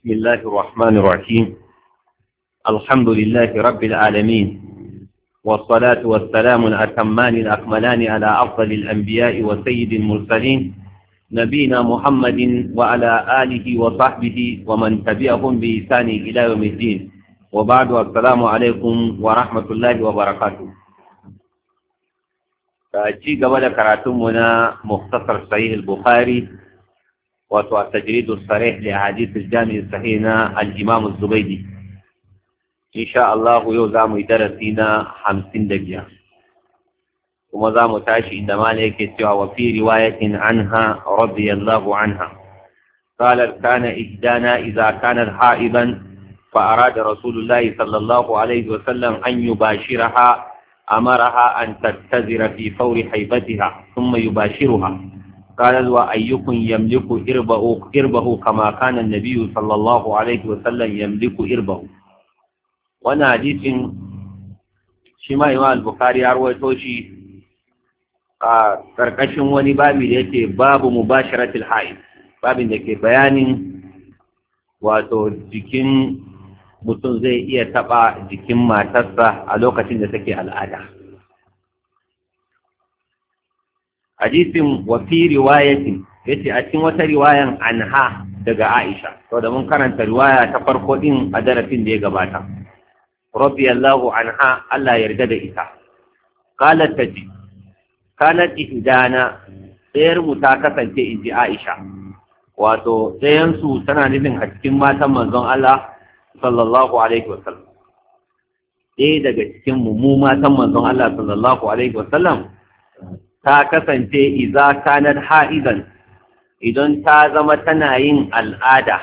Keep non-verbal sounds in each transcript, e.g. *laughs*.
بسم الله الرحمن الرحيم الحمد لله رب العالمين والصلاة والسلام الأتمان الأكملان على أفضل الأنبياء وسيد المرسلين نبينا محمد وعلى آله وصحبه ومن تبعهم بإحسان إلى يوم الدين وبعد السلام عليكم ورحمة الله وبركاته ci gaba da karatunmu na Muktasar Sahih Bukhari wato a tajridu sarih li jami sahih na al-imam az-zubaydi insha Allah yau zamu yi darasi na 55 kuma zamu tashi inda malai yake cewa wa anha radiyallahu anha قال كان إجدانا إذا كانت حائبا فأراد رسول الله صلى الله عليه وسلم أن يباشرها أمرها أن تتذر في فور حيبتها ثم يباشرها قالت وأيكم يملك إربه, إربه كما كان النبي صلى الله عليه وسلم يملك إربه وانا حديث شما إمام البخاري أروي توشي a ƙarƙashin wani babi da yake babu mubasharatul haid babin da ke bayanin wato jikin mutum zai iya taɓa jikin matarsa a lokacin da take al'ada hadisin wa fi riwayatin yace a cikin wata riwayan anha daga Aisha to da mun karanta riwaya ta farko din a darasin da ya gabata radiyallahu anha Allah yarda da ita qalat taji kanat ihdana tsayar mu ta kasance in ji Aisha wato tsayan su tana nufin a cikin matan manzon Allah sallallahu alaihi wasallam ɗaya daga cikin mu mu matan manzon Allah sallallahu alaihi wasallam ta kasance iza kanar ha'izan idan ta zama tana yin al'ada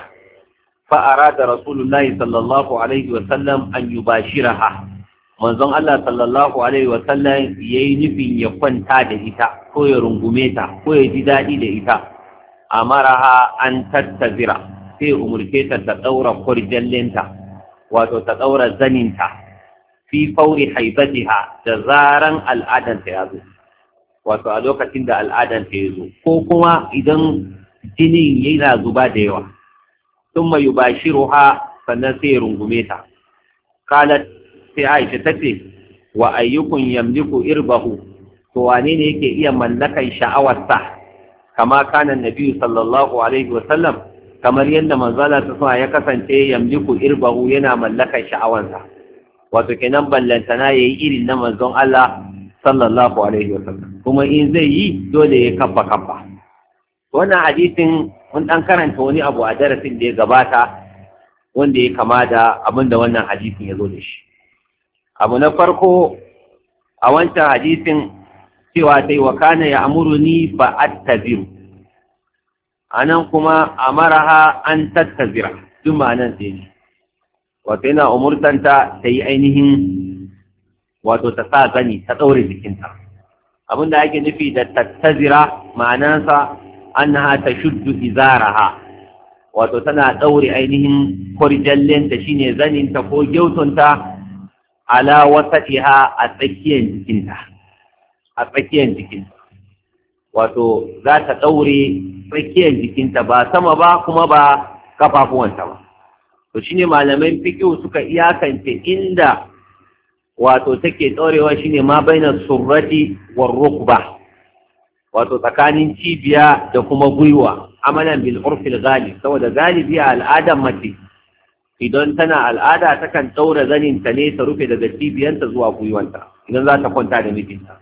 fa'ara da rasulullahi sallallahu alaihi wasallam an yi bashira ha manzon Allah sallallahu alaihi wasallam ya yi nufin ya kwanta da ita ko ya rungume ta ko ya ji daɗi da ita a maraha an tattazira sai umurce ta ta ɗaura kwarjallinta wato ta ɗaura zaninta fi fauri haibatiha da zaran al'adanta ya zo wato a lokacin da al'adan ta yi zo ko kuma idan jinin yana zuba da yawa sun mai yubashiruha sannan sai ya rungume ta kalat sai aisha ta ce wa ayyukun yamliku irbahu to wane ne yake iya mallakan sha'awarsa kama kana nabi sallallahu alaihi wa sallam kamar yadda manzala ta ya kasance yamliku irbahu yana mallakan sha'awarsa. wato kenan ballantana yayi irin na manzon Allah sallallahu alaihi wasallam kuma in zai yi dole ya kafa kafa wannan hadisin mun dan karanta wani abu a darasin da ya gabata wanda ya kama da abin wannan hadisin ya zo da shi abu na farko a wancan hadisin cewa sai wa kana ya ni ba attaziru anan kuma amaraha an tattazira duk nan sai ne wato yana umurtanta ta ainihin wato ta sa zani ta ɗaure jikinta abin da ake nufi da tattazira ma'anansa na ta shuddu izaraha wato tana ɗaure ainihin kwarjallenta ne zaninta ko gyautonta ala iha a tsakiyar jikinta a tsakiyar jikinta wato za ta ɗaure tsakiyar jikinta ba sama ba kuma ba kafafuwanta ba to shi ne malamai fiqh suka iyakance inda wato take ɗorewa shine ma baina surrati wa rukba wato tsakanin cibiya da kuma gwiwa amalan bil urfil ghalib saboda galibi a al'adar mace idan tana al'ada takan ɗaura ta ne ta rufe daga cibiyanta zuwa gwiwanta idan za ta kwanta da mijinta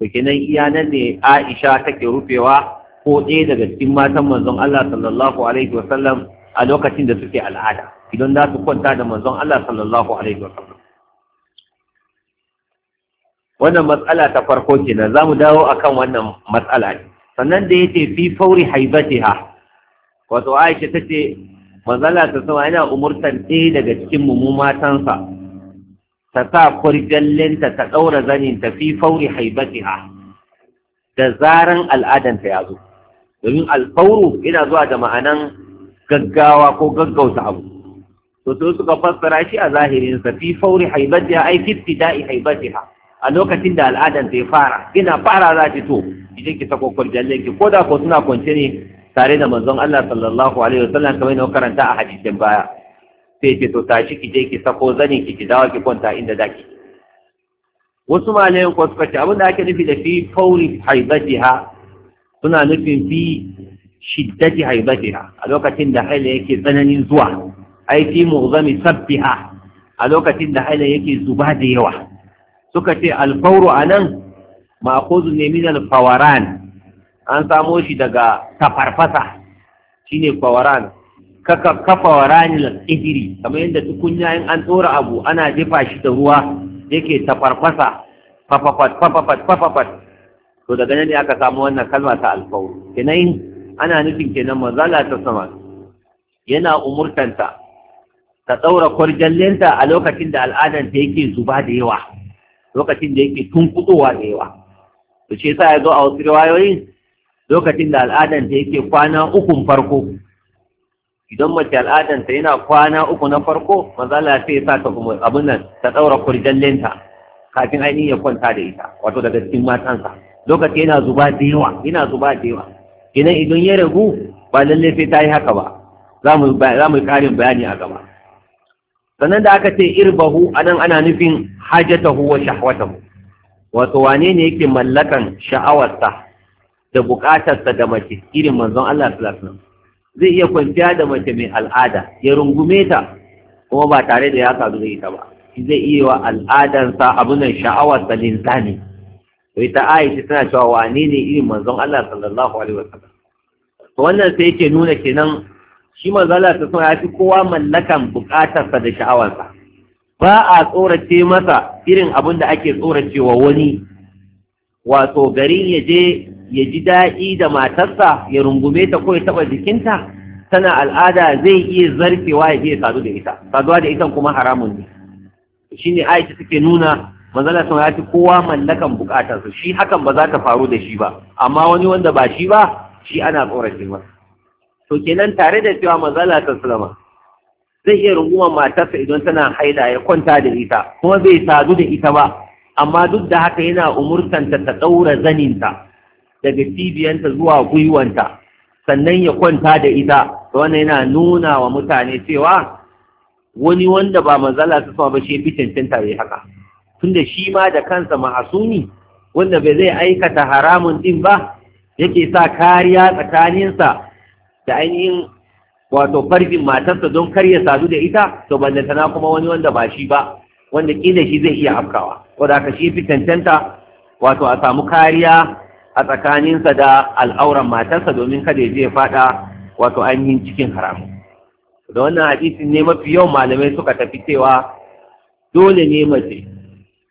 to kenan iya nan ne Aisha take rufewa ko ɗaya daga cikin matan manzon Allah sallallahu alaihi wasallam a lokacin da suke al'ada idan za su kwanta da manzon Allah sallallahu alaihi wasallam wannan matsala ta farko kenan za mu dawo akan wannan matsala ne sannan da yace fi fauri haibatiha wato Aisha tace manzala ta sama yana umurtan ɗaya daga cikin mu matansa ta sa kurjallinta ta ɗaura zanin ta fi fauri haibatiha da zaran al'adanta ya zo domin alfauru yana zuwa da ma'anan gaggawa ko gaggauta abu to suka fassara shi a zahirinsa fi fauri haibatiha ai fi ibtida'i haibatiha a lokacin da al'adan ta fara ina fara za ki to idan ki ta kokwarjalle ki ko da ko suna kwance ne tare da manzon Allah sallallahu alaihi wasallam kamar na karanta a hadisin baya sai ki to tashi ki je ki sako zani ki ki dawo ki kwanta inda zaki wasu malayan ko suka ce abin da ake nufi da fi fauri haibatiha suna nufin fi shiddati haibatiha a lokacin da haila yake tsananin zuwa aiki fi mu'zami sabbiha a lokacin da haila yake zuba da yawa suka ce alfauru a nan ma'akuzu ne min alfawaran an samo shi daga tafarfasa shi ne fawaran kaka kafawaran tsibiri. kamar yadda tukunya in an tsora abu ana jefa shi da ruwa yake tafarfasa fafafat fafafat fafafat to daga nan ne aka samu wannan kalma ta alfauru kenan ana nufin kenan mazala ta sama yana umurtanta ta ɗaura kwarjallenta a lokacin da al'adanta yake zuba da yawa lokacin da yake tun da yawa to shi yasa ya zo a wasu riwayoyin lokacin da al'adan ta yake kwana ukun farko idan mace al'adan ta yana kwana uku na farko mazala sai sa ta kuma abin nan ta daura lenta kafin ainihin ya kwanta da ita wato daga cikin matansa lokaci yana zuba da yawa yana zuba da yawa idan idan ya ragu ba lallai sai ta yi haka ba za mu yi karin bayani a gaba sannan da aka ce irbahu anan ana nufin hajatahu wa shahwatahu wato wane ne yake mallakan sha'awarsa da bukatarsa da mace irin manzon Allah sallallahu alaihi wasallam zai iya kwanciya da mace mai al'ada ya rungume ta kuma ba tare da ya sadu da ita ba zai iya wa al'adansa abunan sha'awarsa linzani to ta Aisha tana cewa wane ne irin manzon Allah sallallahu alaihi wasallam to wannan sai yake nuna kenan shi manzala ta sama ya fi kowa mallakan bukatarsa da sha'awarsa ba a tsorace masa irin abin da ake tsoracewa wani wato gari ya je ya ji daɗi da matarsa ya rungume ta ko ya taɓa jikinta tana al'ada zai iya zarfewa ya iya sadu da ita saduwa da ita kuma haramun ne shi ne aisha take nuna manzala sun ya kowa mallakan bukatarsa shi hakan ba za ta faru da shi ba amma wani wanda ba shi ba shi ana tsorace masa to kenan tare da cewa manzala ta sulama zai iya rungumar matarsa idan tana haida ya kwanta da ita kuma bai sadu da ita ba amma duk da haka yana umurtanta ta ɗaura zaninta daga cibiyanta zuwa gwiwanta sannan ya kwanta da ita wannan yana nuna wa mutane cewa wani wanda ba manzala ta ba shi fi cancanta haka tunda shi ma da kansa ma'asumi wanda bai zai aikata haramun din ba yake sa kariya tsakaninsa da ainihin wato farjin matarsa don kar ya sadu da ita to tana kuma wani wanda ba shi ba wanda kila shi zai iya afkawa wanda aka shi fi cancanta wato a samu kariya a tsakaninsa da al'auran matarsa domin kada ya je faɗa wato ainihin cikin haramu da wannan hadisin ne mafi yawan malamai suka tafi cewa dole ne mace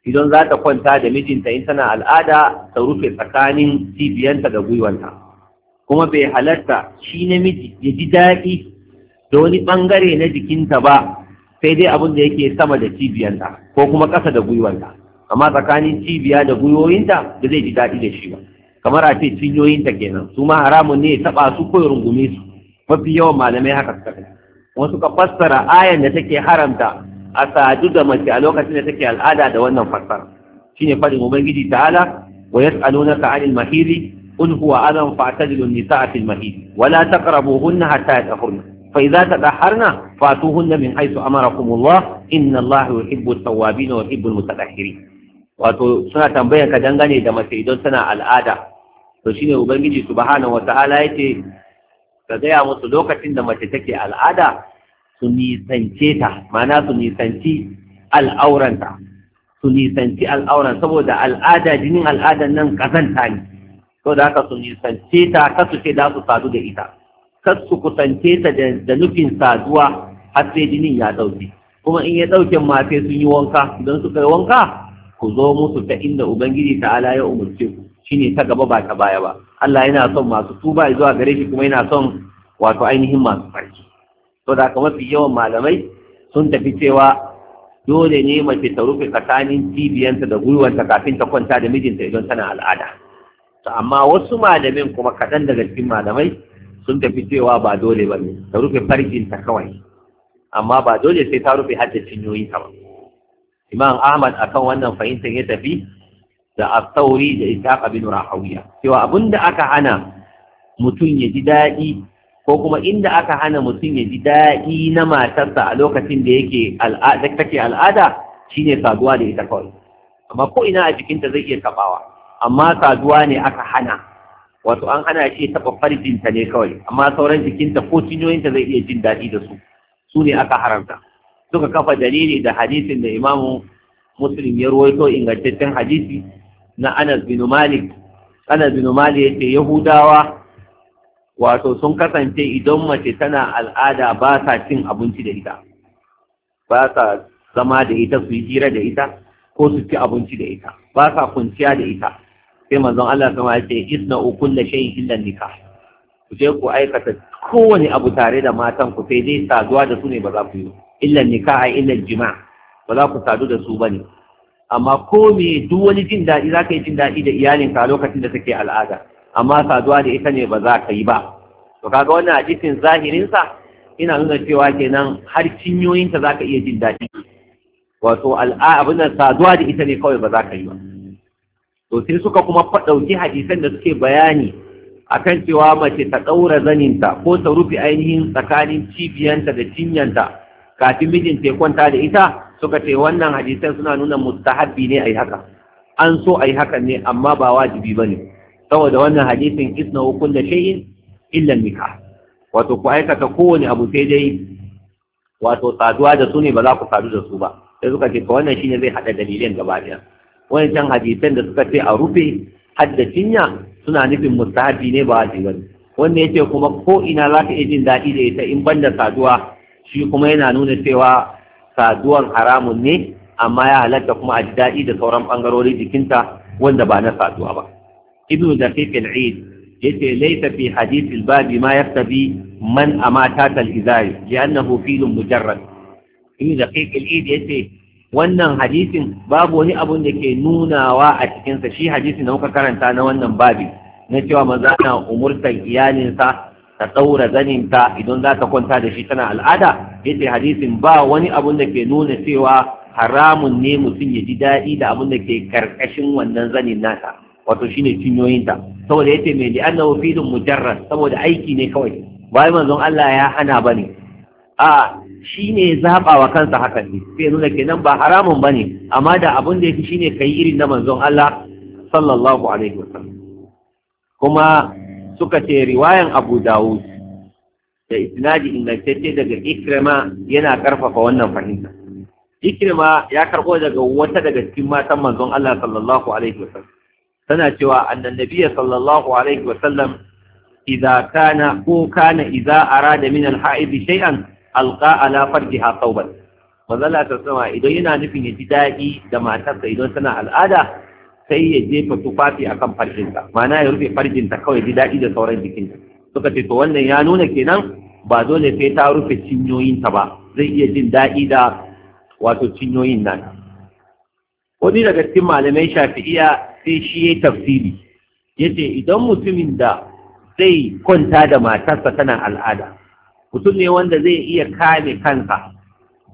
idan za ta kwanta da mijinta in tana al'ada ta rufe tsakanin cibiyanta da gwiwanta kuma bai halarta shi namiji ya ji daɗi da wani ɓangare na jikinta ba sai dai abin da yake sama da cibiyanta ko kuma ƙasa da gwiwanta amma tsakanin cibiya da gwiwoyinta da zai ji daɗi da shi ba kamar a ce cinyoyinta kenan su ma haramun ne ya taɓa su ko rungume su mafi yawan malamai haka suka kai wasu ka fassara ayan da take haramta a sadu da mace a lokacin da take al'ada da wannan fassara shine faɗin ubangiji ta'ala wa ka 'anil mahiri قل هو أذى فاعتزلوا النساء في المهيد ولا تقربوهن حتى يتطهرن فإذا تطهرن فاتوهن من حيث أمركم الله إن الله يحب التوابين ويحب المتطهرين wato suna tambayan ka dangane da mace idan tana al'ada to shine ubangiji subhanahu wataala yace ka gaya musu lokacin da mace take al'ada su nisance ta ma'ana su nisanci al'auranta su nisanci al'auran saboda al'ada jinin al'adan nan kazanta ne to da haka su nisance ta kasu ce za su sadu da ita kasu kusance ta da nufin saduwa har sai jinin ya dauke kuma in ya dauke ma sai sun yi wanka idan su kai wanka ku zo musu ta inda ubangiji ta Ala ya umurce ku shine ta gaba ba ta baya ba Allah yana son masu tuba zuwa gare shi kuma yana son wato ainihin masu farki to da mafi yawan malamai sun tafi cewa dole ne mace ta rufe tsakanin cibiyanta da gwiwanta kafin ta kwanta da mijinta idan tana al'ada to amma wasu malamin kuma kaɗan daga cikin malamai sun tafi cewa ba dole ba ne ta rufe farkin ta kawai amma ba dole sai ta rufe hadda cinyoyi ta ba imam ahmad akan wannan fahimtar ya tafi da astauri da ishaq bin rahawiya cewa abinda aka hana mutum ya ji daɗi ko kuma inda aka hana mutum ya ji daɗi na matarsa a lokacin da yake al'ada take al'ada shine saduwa da ita kawai amma ko ina a jikinta zai iya kabawa? amma saduwa ne aka hana wato an hana shi taɓa farjinta ne kawai amma sauran jikinta ko cinyoyinta zai iya jin daɗi da su su ne aka haramta suka kafa dalili da hadisin da imamu muslim ya ruwaito ingantaccen hadisi na anas bin malik anas bin malik yace yahudawa wato sun kasance idan mace tana al'ada ba sa cin abinci da ita ba sa zama da ita su yi hira da ita ko su ci abinci da ita ba sa kunciya da ita sai manzon Allah sama ya ce isna da shay illa nikah ku je ku aikata kowane abu tare da matan ku sai dai saduwa da su ne ba za ku yi illa nikah illa jima' ba za ku sadu da su bane amma ko me duk wani jin daɗi za ka yi jin daɗi da iyalinka a lokacin da take al'ada amma saduwa da ita ne ba za ka yi ba to kaga wannan hadisin zahirinsa ina nuna cewa kenan har cinyoyinta za ka iya jin daɗi wato al'a abin saduwa da ita ne kawai ba za ka yi ba to sai suka kuma faɗauki hadisan da suke bayani akan cewa mace ta ɗaura zaninta ko ta rufe ainihin tsakanin cibiyanta da cinyanta kafin mijin ta kwanta da ita suka ce wannan hadisan suna nuna mustahabbi ne yi haka an so ayi haka ne amma ba wajibi bane saboda wannan hadisin isna kullu shay'in illa nikah wato ku aikata kowane abu sai dai wato saduwa da su ne ba za ku sadu da su ba sai suka ce ka wannan shine zai haɗa dalilin gaba ɗaya wancan hadisan da suka ce a rufe hadda cinya suna nufin mustahabi ne ba wajibi bane wanda yace kuma ko ina za ka iya jin daɗi da ita in banda saduwa shi kuma yana nuna cewa saduwan haramun ne amma ya halatta kuma a ji daɗi da sauran ɓangarorin jikinta wanda ba na saduwa ba ibnu daqiq al-eid yace laysa fi hadith al-bab ma yaktabi man amata al-izari li'annahu filun mujarrad ibnu al-eid yace wannan hadisin babu wani abun da ke nunawa a cikinsa shi hadisin da muka karanta na wannan babi na cewa maza na umurtar iyalinsa ta ɗaura zaninta idan za ta kwanta da shi tana al'ada yace hadisin ba wani abun da ke nuna cewa haramun ne mutum ya ji daɗi da abun da ke karkashin wannan zanin nata wato shine cinyoyinta saboda yace mai li'annahu filin mujarrad saboda aiki ne kawai bai manzon Allah ya hana ne. a shi ne zaɓa wa kansa haka ne sai nuna kenan ba haramun ba ne amma da abin da ya fi shi ne ka irin na manzon Allah sallallahu alaihi kuma suka ce riwayan abu dawud da isnadi ingantacce daga ikrima yana karfafa wannan fahimta ikrima ya karɓo daga wata daga cikin matan manzon Allah sallallahu alaihi tana cewa annabiyya sallallahu alaihi sallam idza kana ko kana idza arada min al-ha'id shay'an alƙa ala farjiha qawban manzala ta sama idan yana nufin ya ji daɗi da matarsa idan tana al'ada sai ya jefa tufafi akan farjinta ma'ana ya rufe farjinta kawai ji daɗi da sauran jikinta suka ce to wannan ya nuna kenan ba dole sai ta rufe cinyoyinta ba zai iya jin daɗi da wato cinyoyin nan wani daga cikin malamai shafi'iya sai shi ya tafsiri yace idan mutumin da zai kwanta da matarsa tana al'ada mutum ne wanda zai iya kame kansa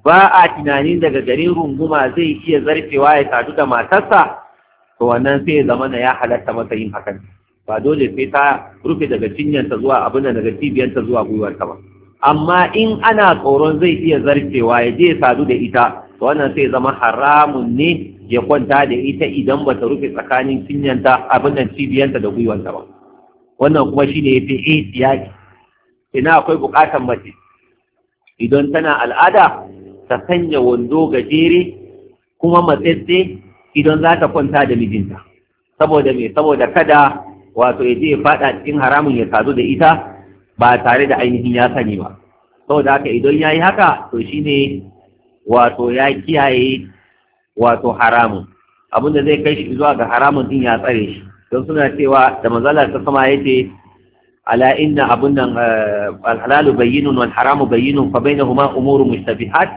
ba a tunani daga garin runguma zai iya zarfewa ya sadu da matarsa to wannan sai zama na ya halatta masa yin hakan ba dole sai ta rufe daga cinyanta zuwa abin da daga cibiyanta zuwa gwiwarta ba amma in ana tsoron zai iya zarfewa ya je sadu da ita to wannan sai zama haramun ne ya kwanta da ita idan ba ta rufe tsakanin cinyanta abin da cibiyanta da gwiwarta ba wannan kuma shine yafi ihtiyaki ina akwai buƙatar mace idan tana al'ada ta sanya wando gajere kuma matsetse idan za ta kwanta da mijinta saboda me saboda kada wato ya je ya faɗa cikin haramun ya sadu da ita ba tare da ainihin ya sani ba saboda haka idan ya yi haka to shine wato ya kiyaye wato haramun abinda zai kai shi zuwa ga haramun din ya tsare shi don suna cewa da manzala ta sama ya ce ala inna abun nan alhalalu bayyinun wal haramu bayyinun fa bainahuma umuru mushtabihat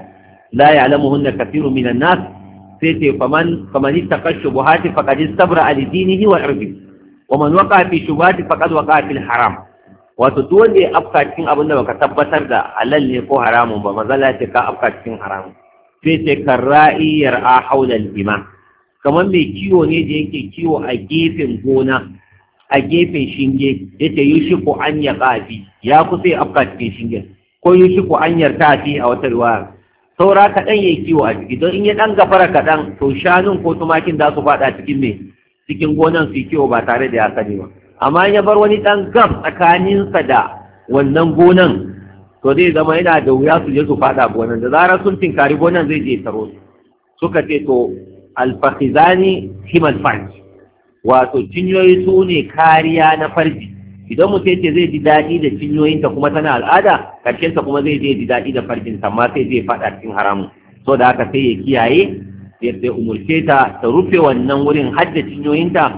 la ya'lamuhunna kathirun minan nas sai ce faman faman ittaqa shubuhati faqad istabra ali dinihi wa irdihi wa man waqa fi shubuhati faqad waqa fil haram wato duk wanda ya afka cikin abin da baka tabbatar da halal ne ko haramun ba Maza mazala ce ka afka cikin haramu. sai ce karra'i yar'a haula al-bima kamar mai kiwo ne da yake kiwo a gefen gona a gefen shinge ce yushiku an ya qafi ya kusa ya afka cikin shinge, ko yushiku an ya tafi" a wata ruwa saura kaɗan ya yi kiwo a ciki don in ya ɗan gafara kaɗan to shanun ko tumakin za su faɗa cikin me cikin gonan su yi kiwo ba tare da ya sani ba amma ya bar wani ɗan gaf tsakaninsa da wannan gonan to zai zama yana da wuya su je su faɗa gonan da zarar sun tinkari gonan zai je taro suka ce to alfahizani himal wato cinyoyi su ne kariya na farji idan mutum ce zai ji daɗi da cinyoyinta kuma tana al'ada karshensa kuma zai je ji daɗi da farjinsa amma sai zai faɗa cikin haramun so da haka sai ya kiyaye ya umurce ta ta rufe wannan wurin hadda cinyoyinta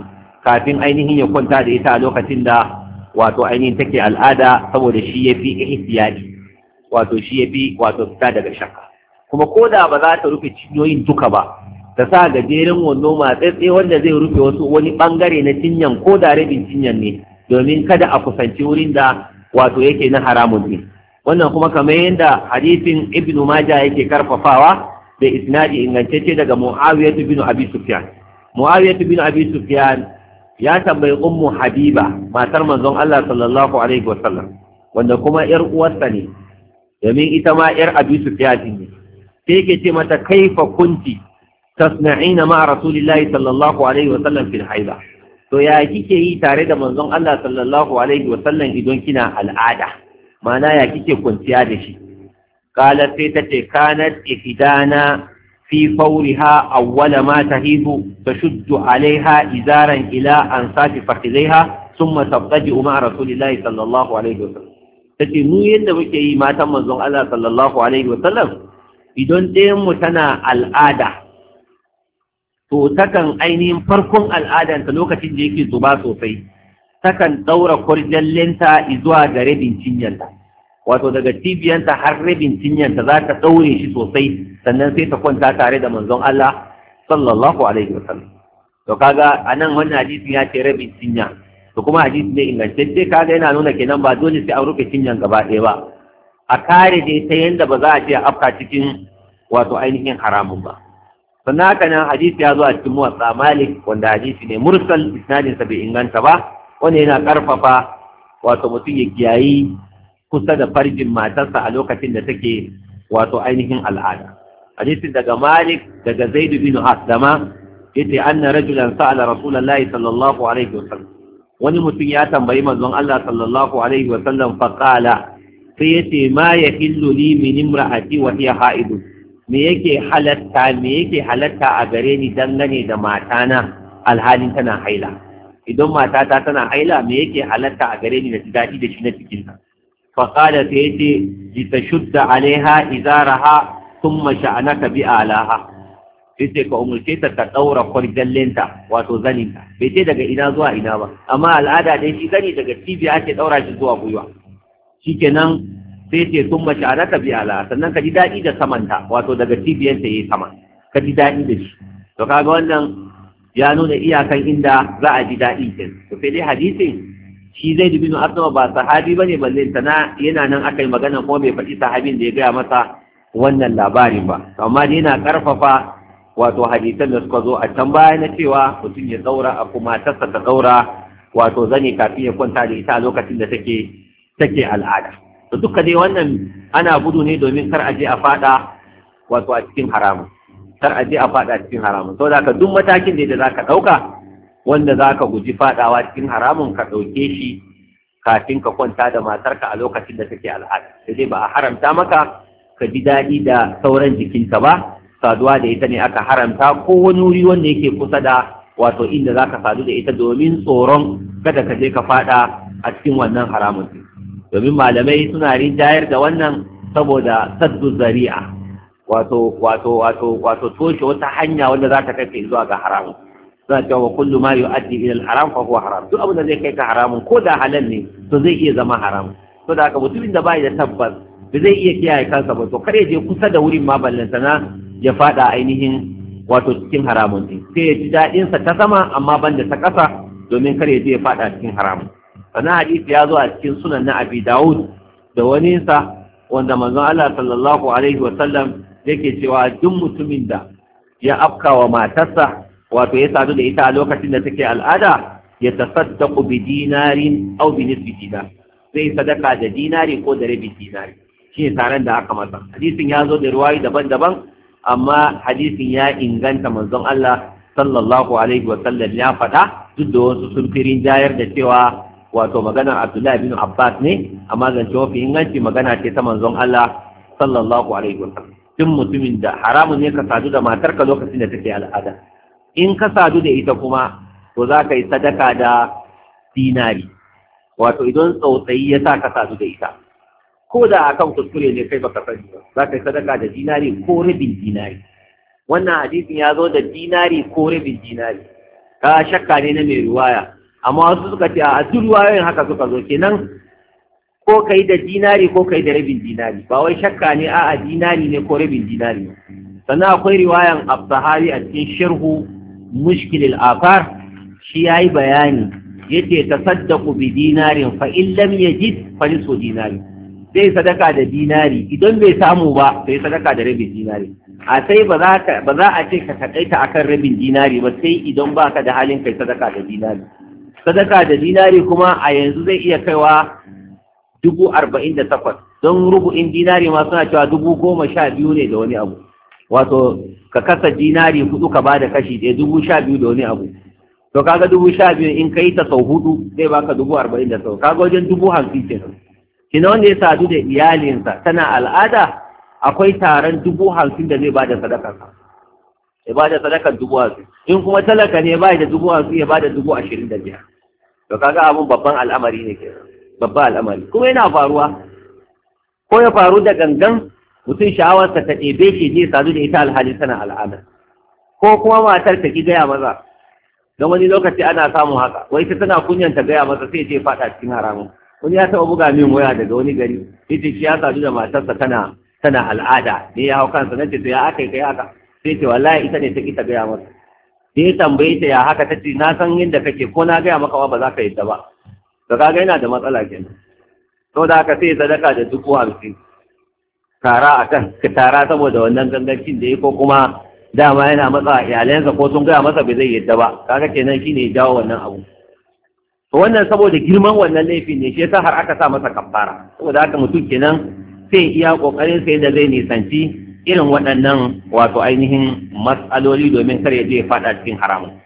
kafin ainihin ya kwanta da ita a lokacin da wato ainihin take al'ada saboda shi ya fi ihtiyaji wato shi ya fi wato fita daga shakka kuma ko da ba za ta rufe cinyoyin duka ba ta sa gajeren wando matsatse wanda zai rufe wasu wani bangare na cinyan ko da rabin cinyan ne domin kada a kusanci wurin da wato yake na haramun ne wannan kuma kamar yadda hadisin ibn majah yake karfafawa da isnadi ingantacce daga muawiyah ibn abi sufyan muawiyah ibn abi sufyan ya tambayi ummu habiba matar manzon Allah sallallahu alaihi wasallam wanda kuma yar uwarsa ne domin ita ma yar abi sufyan ne sai yake ce mata kaifa kunti tasna'ina ma rasulillahi sallallahu alaihi wa sallam fil haida to ya kike yi tare da manzon Allah sallallahu alaihi wa sallam idan kina al'ada Mana ya kike kwanciya da shi qalat sai ce kanat ihdana fi fawriha awwala ma tahidu tashuddu alaiha izaran ila ansafi fakhidaiha thumma tabtaji ma rasulillahi sallallahu alaihi wa sallam tace mu yadda muke yi matan manzon Allah sallallahu alaihi wa sallam idan ɗayan mu tana al'ada to takan ainihin farkon al'adanta lokacin da yake zuba sosai takan ɗaura lenta zuwa ga rabin cinyanta wato daga cibiyanta har rabin cinyanta za ta ɗaure shi sosai sannan sai ta kwanta tare da manzon Allah sallallahu alaihi wasallam to kaga anan wannan hadisi ya ce rabin cinya to kuma hadisi ne ingantacce kaga yana nuna kenan ba dole sai an rufe cinyan gaba ɗaya ba a kare dai ta yanda ba za a ce afka cikin wato ainihin haramun ba sannan haka nan hadisi ya zo a cikin muwatsa malik wanda hadisi ne mursal isnadin sa bai inganta ba wanda yana karfafa wato mutum ya kiyayi kusa da farjin matarsa a lokacin da take wato ainihin al'ada hadisi daga malik daga Zaidu bin haslama yace anna rajulan sa'ala rasulullahi sallallahu alaihi wasallam wani mutum ya tambayi manzon Allah sallallahu alaihi wasallam fa sai yace ma yahillu li min imra'ati wa hiya haidun me yake halatta me yake halatta a gare ni dangane da matana alhalin tana haila idan matata tana haila me yake halatta a gare ni na daɗi da shi na ta fa qala ta yace shudda, tashudda alaiha izaraha thumma sha'anaka bi alaha yace ka umurce ta ka daura kwarjallinta wato zaninta bai ce daga ina zuwa ina ba amma al'ada dai shi zani daga cibiya ake daura shi zuwa gwiwa shikenan sai ce sun a ta biya la sannan ka ji daɗi da samanta wato daga cibiyarta ya yi sama ka ji daɗi da shi to kaga wannan ya nuna iyakan inda za a ji daɗi ɗin to sai dai hadisin shi zai dubi nu asama ba sahabi ba ne balle sana yana nan aka yi magana kuma bai faɗi sahabin da ya gaya masa wannan labarin ba amma dai yana ƙarfafa wato hadisan da suka zo a can baya na cewa mutum ya tsaura a kuma tasa ta tsaura wato zane kafin ya kwanta da ita a lokacin da take take al'ada to duka dai wannan ana gudu ne domin kar a a fada wato a cikin haramun kar a a fada cikin haramun saboda ka duk matakin da za ka ɗauka wanda za ka guji fadawa cikin haramun ka ɗauke shi kafin ka kwanta da matarka a lokacin da take al'ada sai dai ba a haramta maka ka ji daɗi da sauran jikinta ba saduwa da ita ne aka haramta ko wani wuri wanda yake kusa da wato inda za ka sadu da ita domin tsoron kada ka je ka fada a cikin wannan haramun domin malamai suna rinjayar da wannan saboda saddu zari'a wato wato wato wato toshe wata hanya wanda za ta kai zuwa ga haramun suna cewa kullu ma yu'addi ila al-haram fa huwa haram duk abin da zai kai ka haramun ko da halal ne to zai iya zama haram to da haka mutumin da bai da tabbas ba zai iya kiyaye kansa ba to kar ya je kusa da wurin ma ballantana ya fada ainihin wato cikin haramun din sai ya ji daɗin sa ta sama amma ban da ta ƙasa domin kar ya je ya fada cikin haramun wannan hadisi ya zo a cikin sunan na abi dawud da sa wanda manzon Allah sallallahu alaihi wa sallam yake cewa duk mutumin da ya afka wa matarsa wato ya sadu da ita a lokacin da take al'ada ya tasaddaqu bi dinarin aw bi nisbi dinar zai sadaka da dinari ko da rabi dinari shine taron da aka masa hadisin ya zo da ruwayi daban-daban amma hadisin ya inganta manzon Allah sallallahu alaihi wa sallam ya faɗa duk da wasu sun firin jayar da cewa wato magana Abdullahi bin Abbas ne a magance mafi inganci magana ce ta manzon Allah sallallahu alaihi wasallam duk mutumin da haramun ne ka sadu da matarka lokacin da take al'ada in ka sadu da ita kuma to za ka yi sadaka da dinari wato idan tsautsayi ya sa ka sadu da ita ko da akan kuskure ne kai baka sani ba za ka yi sadaka da dinari ko rabin dinari wannan hadisin ya zo da dinari ko rabin dinari ka shakka ne na mai ruwaya amma wasu suka ce a duk ruwayoyin haka suka zo kenan ko kai da dinari ko kai da rabin dinari ba wai shakka ne a a dinari ne ko rabin dinari sannan akwai riwayan abdahari a cikin shirhu al afar shi yayi bayani yace tasaddaqu bi dinarin fa in lam yajid fa nisfu dinari Sai sadaka da dinari idan bai samu ba sai sadaka da rabin dinari a sai ba za a ce ka takaita akan rabin dinari ba sai idan baka da halin kai sadaka da dinari sadaka da dinari kuma a yanzu zai iya kaiwa dubu arba'in da takwas don rubu'in dinari ma suna cewa dubu goma sha biyu ne da wani abu wato ka kasa dinari hudu ka ba da kashi ɗaya dubu sha biyu da wani abu to kaga dubu sha biyu in ka yi ta sau hudu zai baka dubu arba'in da sau kaga wajen dubu hamsin ke kina wanda ya sadu da iyalinsa tana al'ada akwai taron dubu hamsin da zai ba da sadakarsa ya ba da sadakar dubu hamsin in kuma talaka ne ba da dubu hamsin ya ba da dubu ashirin da biyar to kaga abun babban al'amari ne ke babban al'amari kuma yana faruwa ko ya faru da gangan mutum sha'awarsa ta ɗebe shi ne sadu da ita alhali tana al'ada ko kuma matar ta ki gaya maza don wani lokaci ana samun haka wai ta tana kunyan ta gaya masa sai ce faɗa cikin haramun wani ya taɓa buga min waya daga wani gari Ita shi ya sadu da matarsa tana tana al'ada ne ya hau kansa ce to ya aka yi kai haka sai ce wallahi ita ne ta ki ta gaya masa da ya tambaye ta ya haka ta ce na san yadda kake ko na gaya maka ba za ka yadda ba to kaga yana da matsala kenan to da haka sai sadaka da dubu hamsin tara akan ka tara saboda wannan gangancin da ya ko kuma dama yana matsa iyalansa ko sun gaya masa bai zai yadda ba kaga kenan shine ya jawo wannan abu to wannan saboda girman wannan laifin ne shi yasa har aka sa masa kafara saboda haka mutum kenan sai iya kokarin sai da zai nisanci irin waɗannan wato ainihin matsaloli domin kar ya je faɗa cikin haramun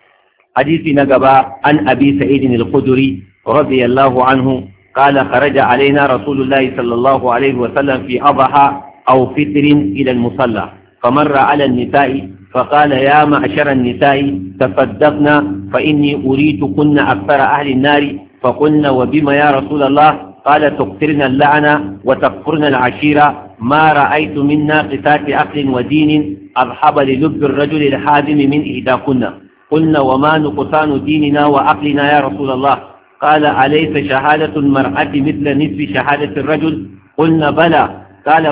hadisi na gaba an abi sa'idin al-khudri radiyallahu anhu qala kharaja alaina rasulullahi sallallahu alaihi wa sallam fi adha aw fitr ila al-musalla famarra ala an-nisa'i فقال يا معشر Ahli تصدقنا فإني Fa أكثر wa النار فقلنا وبما يا رسول الله قال تكثرن اللعنة وتكفرن ashira. ما رأيت منا قتات عقل ودين أرحب للب الرجل الحازم من إهداكنا قلنا وما نقصان ديننا وعقلنا يا رسول الله قال أليس شهادة المرأة مثل نصف شهادة الرجل قلنا بلى قال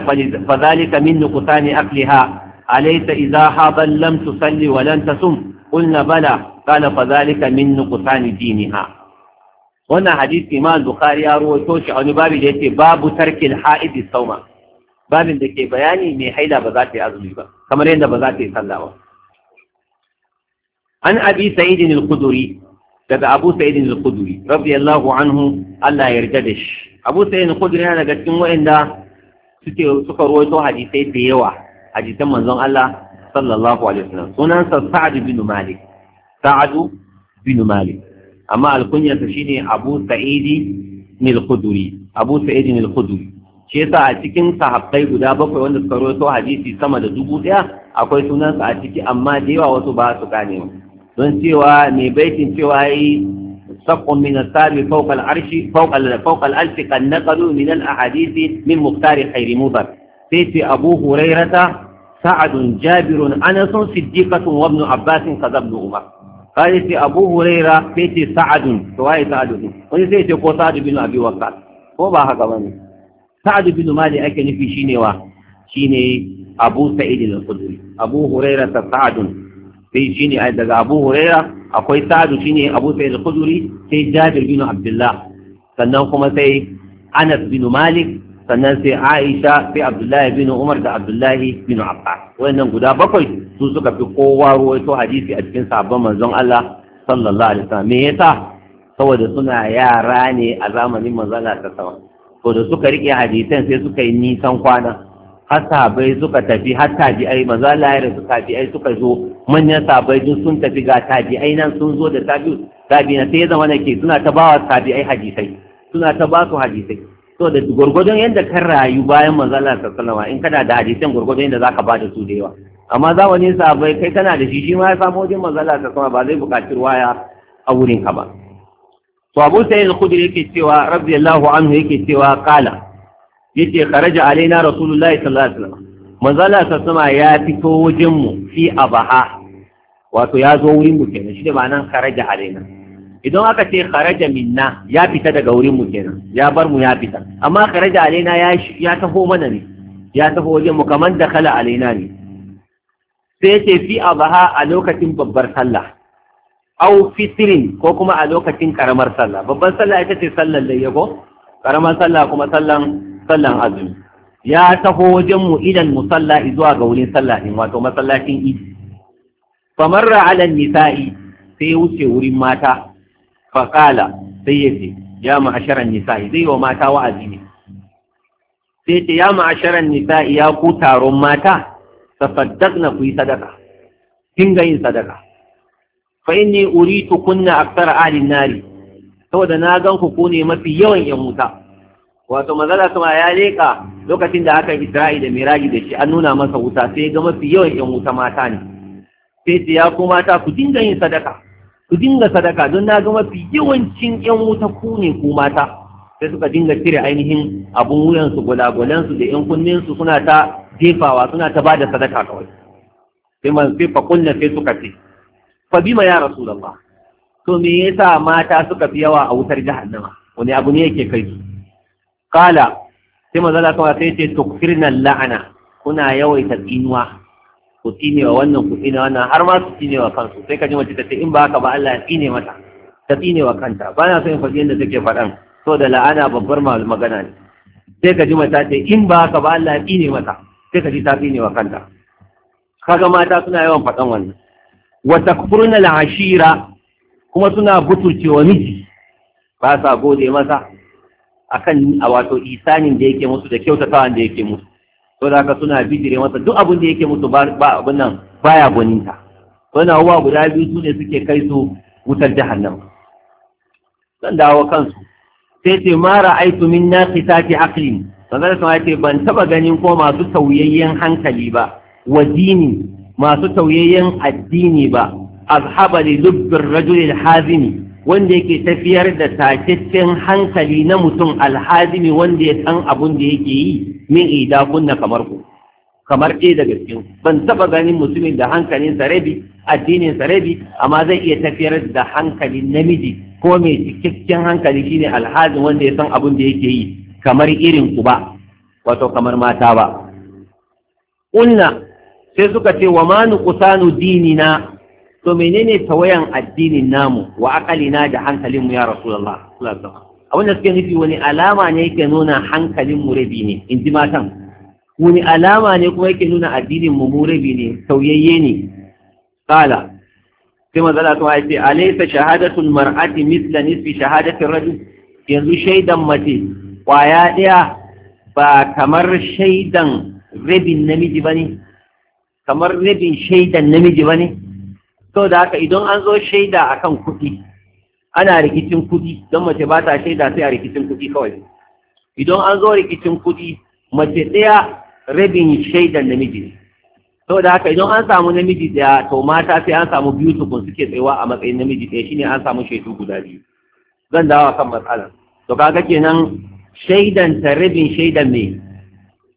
فذلك من نقصان عقلها أليس إذا حاض لم تصلي ولن تصم قلنا بلى قال فذلك من نقصان دينها وانا حديث إمام البخاري أروي توشي عن باب باب ترك الحائض الصومه babin da ke bayani mai haila ba za ta yi azumi ba kamar yadda ba za ta yi sallah ba an abi sa'idin al quduri daga abu sa'idin al quduri radiyallahu anhu Allah ya yarda da shi abu sa'idin al quduri yana daga cikin wa'anda suke suka ruwaito hadisai da yawa hadisan manzon Allah sallallahu alaihi wasallam sunansa sa'ad bin malik sa'ad bin malik amma alkunyarsa shine abu sa'idi al quduri abu sa'idin al quduri Ke sa a cikin sahabbai guda bakwai wanda suka rawaito hadisi sama da dubu ɗaya akwai sunansa a ciki amma da yawa wasu ba su gane don cewa mai baitin cewa yi sakon min asabi fawqal arshi fawqal fawqal arshi kan naqalu min al ahadisi min muqtar khairi mudar sai ce abu hurairata sa'adun jabirun anasun siddiqatun wa ibn abbas kadabnu umar kai sai abu huraira sai ce sa'adun to waye sa'adun wani sai ce ko sa'ad bin abi waqqas ko ba haka bane sa'ad bin mali ake nufi shine wa shine abu sa'id al-khudri abu huraira ta sa'ad sai shine daga abu huraira akwai sa'ad shine abu sa'id al-khudri sai jabir bin abdullah sannan kuma sai anas bin malik sannan sai aisha sai abdullahi bin umar da abdullahi bin abbas wayannan guda bakwai su suka fi kowa ruwaito hadisi a cikin sabon manzon Allah sallallahu alaihi wasallam me yasa saboda suna yara ne a zamanin manzon Allah sallallahu to da suka rike hadisan sai suka yi nisan kwana har sahabbai suka tafi har tabi'ai maza layar su tabi'ai suka zo manyan sahabbai duk sun tafi ga tabi'ai nan sun zo da tabi'u na sai ya zama nake suna ta bawa tabi'ai hadisai suna ta ba su hadisai to da gwargwadon yadda kan rayu bayan manzala wasallam in kana da hadisan gwargwadon yadda zaka bada su da yawa amma zamanin sahabbai kai kana da shi shi ma ya samu wajen alaihi wasallam ba zai buƙaci ruwaya a wurin ka ba to abu sai al-khudri yake cewa radiyallahu anhu yake cewa qala yace kharaja alaina rasulullahi sallallahu alaihi wasallam manzala ta sama ya fito wajen mu fi abaha wato ya zo wurin mu kenan shi da ma'anan kharaja alaina idan aka ce kharaja minna ya fita daga wurin mu kenan ya bar mu ya fita amma kharaja alaina ya ya taho mana ne ya taho wajen mu kaman dakala alaina ne sai ce fi abaha a lokacin babbar sallah au fitrin ko kuma a lokacin karamar sallah babban sallah ita ce sallar da yago karamar sallah kuma sallan sallan azumi ya taho wajen mu idan musalla zuwa ga wurin sallah din wato masallacin idi marra ala nisa'i sai ya wuce wurin mata faqala sai ya ce ya ma'asharan nisa'i zai wa mata wa'azi ne sai ce ya ma'asharan nisa'i ya ku taron mata tafaddaqna ku sadaqa sadaka kinga yin sadaka fa inni uritu kunna aktsara ahlin nari saboda na gan ku ne mafi yawan yan wuta wato manzala sama ya leka lokacin da aka Isra'i da Miraji da shi an nuna masa wuta sai ga mafi yawan yan wuta mata ne sai ya ku ku dinga yin sadaka ku dinga sadaka don na ga mafi yawancin yan wuta ku ne ku mata sai suka dinga cire ainihin abun wuyansu gulagwalansu da 'yan kunninsu suna ta jefawa suna ta ba da sadaka kawai sai man sai sai suka ce fa rasu da ba to me yasa mata suka fi yawa a wutar jahannama wani abu ne yake kai su kala sai manzala kawai sai ce tukfirna la'ana kuna yawaita tsinuwa ku tsine wa wannan ku tsine wannan har ma su tsine wa kansu sai ka ji mace ta ce in ba haka ba Allah ya tsine mata ta tsine wa kanta ba na so in faɗi yadda take faɗan so da la'ana babbar magana ne sai ka ji mace ta ce in ba haka ba Allah ya tsine mata sai ka ji ta tsine wa kanta kaga mata suna yawan faɗan wannan wa takfurna al'ashira kuma suna butulce wa miji ba sa gode masa akan a wato isanin da yake musu da kyautatawan da yake musu to da haka suna bijire masa duk abin da yake musu ba abin nan baya gwaninta wannan abubuwa guda biyu su ne suke kai su wutar jahannama zan dawo kansu sai ce mara aitu min na fitati aklin sannan ya ce ban taba ganin ko masu tauyayyen hankali ba wa dini masu tauyayyen addini ba azhaba li lubbir rajulil hazimi wanda yake tafiyar da takakken hankali na mutum alhazimi wanda ya san abun da yake yi min ida kunna kamar ku kamar ɗaya da ban taɓa ganin mutumin da hankalin rabi addinin rabi amma zai iya tafiyar da hankalin namiji ko mai cikakken hankali shine alhazin wanda ya san abun da yake yi kamar irin ku ba wato kamar mata ba ƙunna sai suka ce wa ma nuqsanu dinina to menene tawayan addinin namu wa aqalina da hankalinmu ya rasulullah sallallahu alaihi wasallam abin da suke nufi wani alama ne yake nuna hankalin mu rabi ne in ji matan wani alama ne kuma yake nuna addinin mu murabi rabi ne sauyayye ne qala sai manzala ta ya ce alaysa shahadatul mar'ati mithla nisfi shahadatir rajul yanzu shaidan mace kwaya daya ba kamar shaidan rabin namiji bane kamar rabin shaidan namiji ba ne to da haka idan an zo shaida a kan kuɗi ana rikicin kuɗi don mace ba ta shaida sai a rikicin kuɗi kawai idan an zo rikicin kuɗi mace ɗaya rabin shaidan namiji to da haka idan an samu namiji ɗaya to mata sai an samu biyu tukun suke tsayawa a matsayin namiji ɗaya shine an samu shaidu guda biyu zan dawo kan matsalar to kaga kenan shaidan ta rabin shaidan me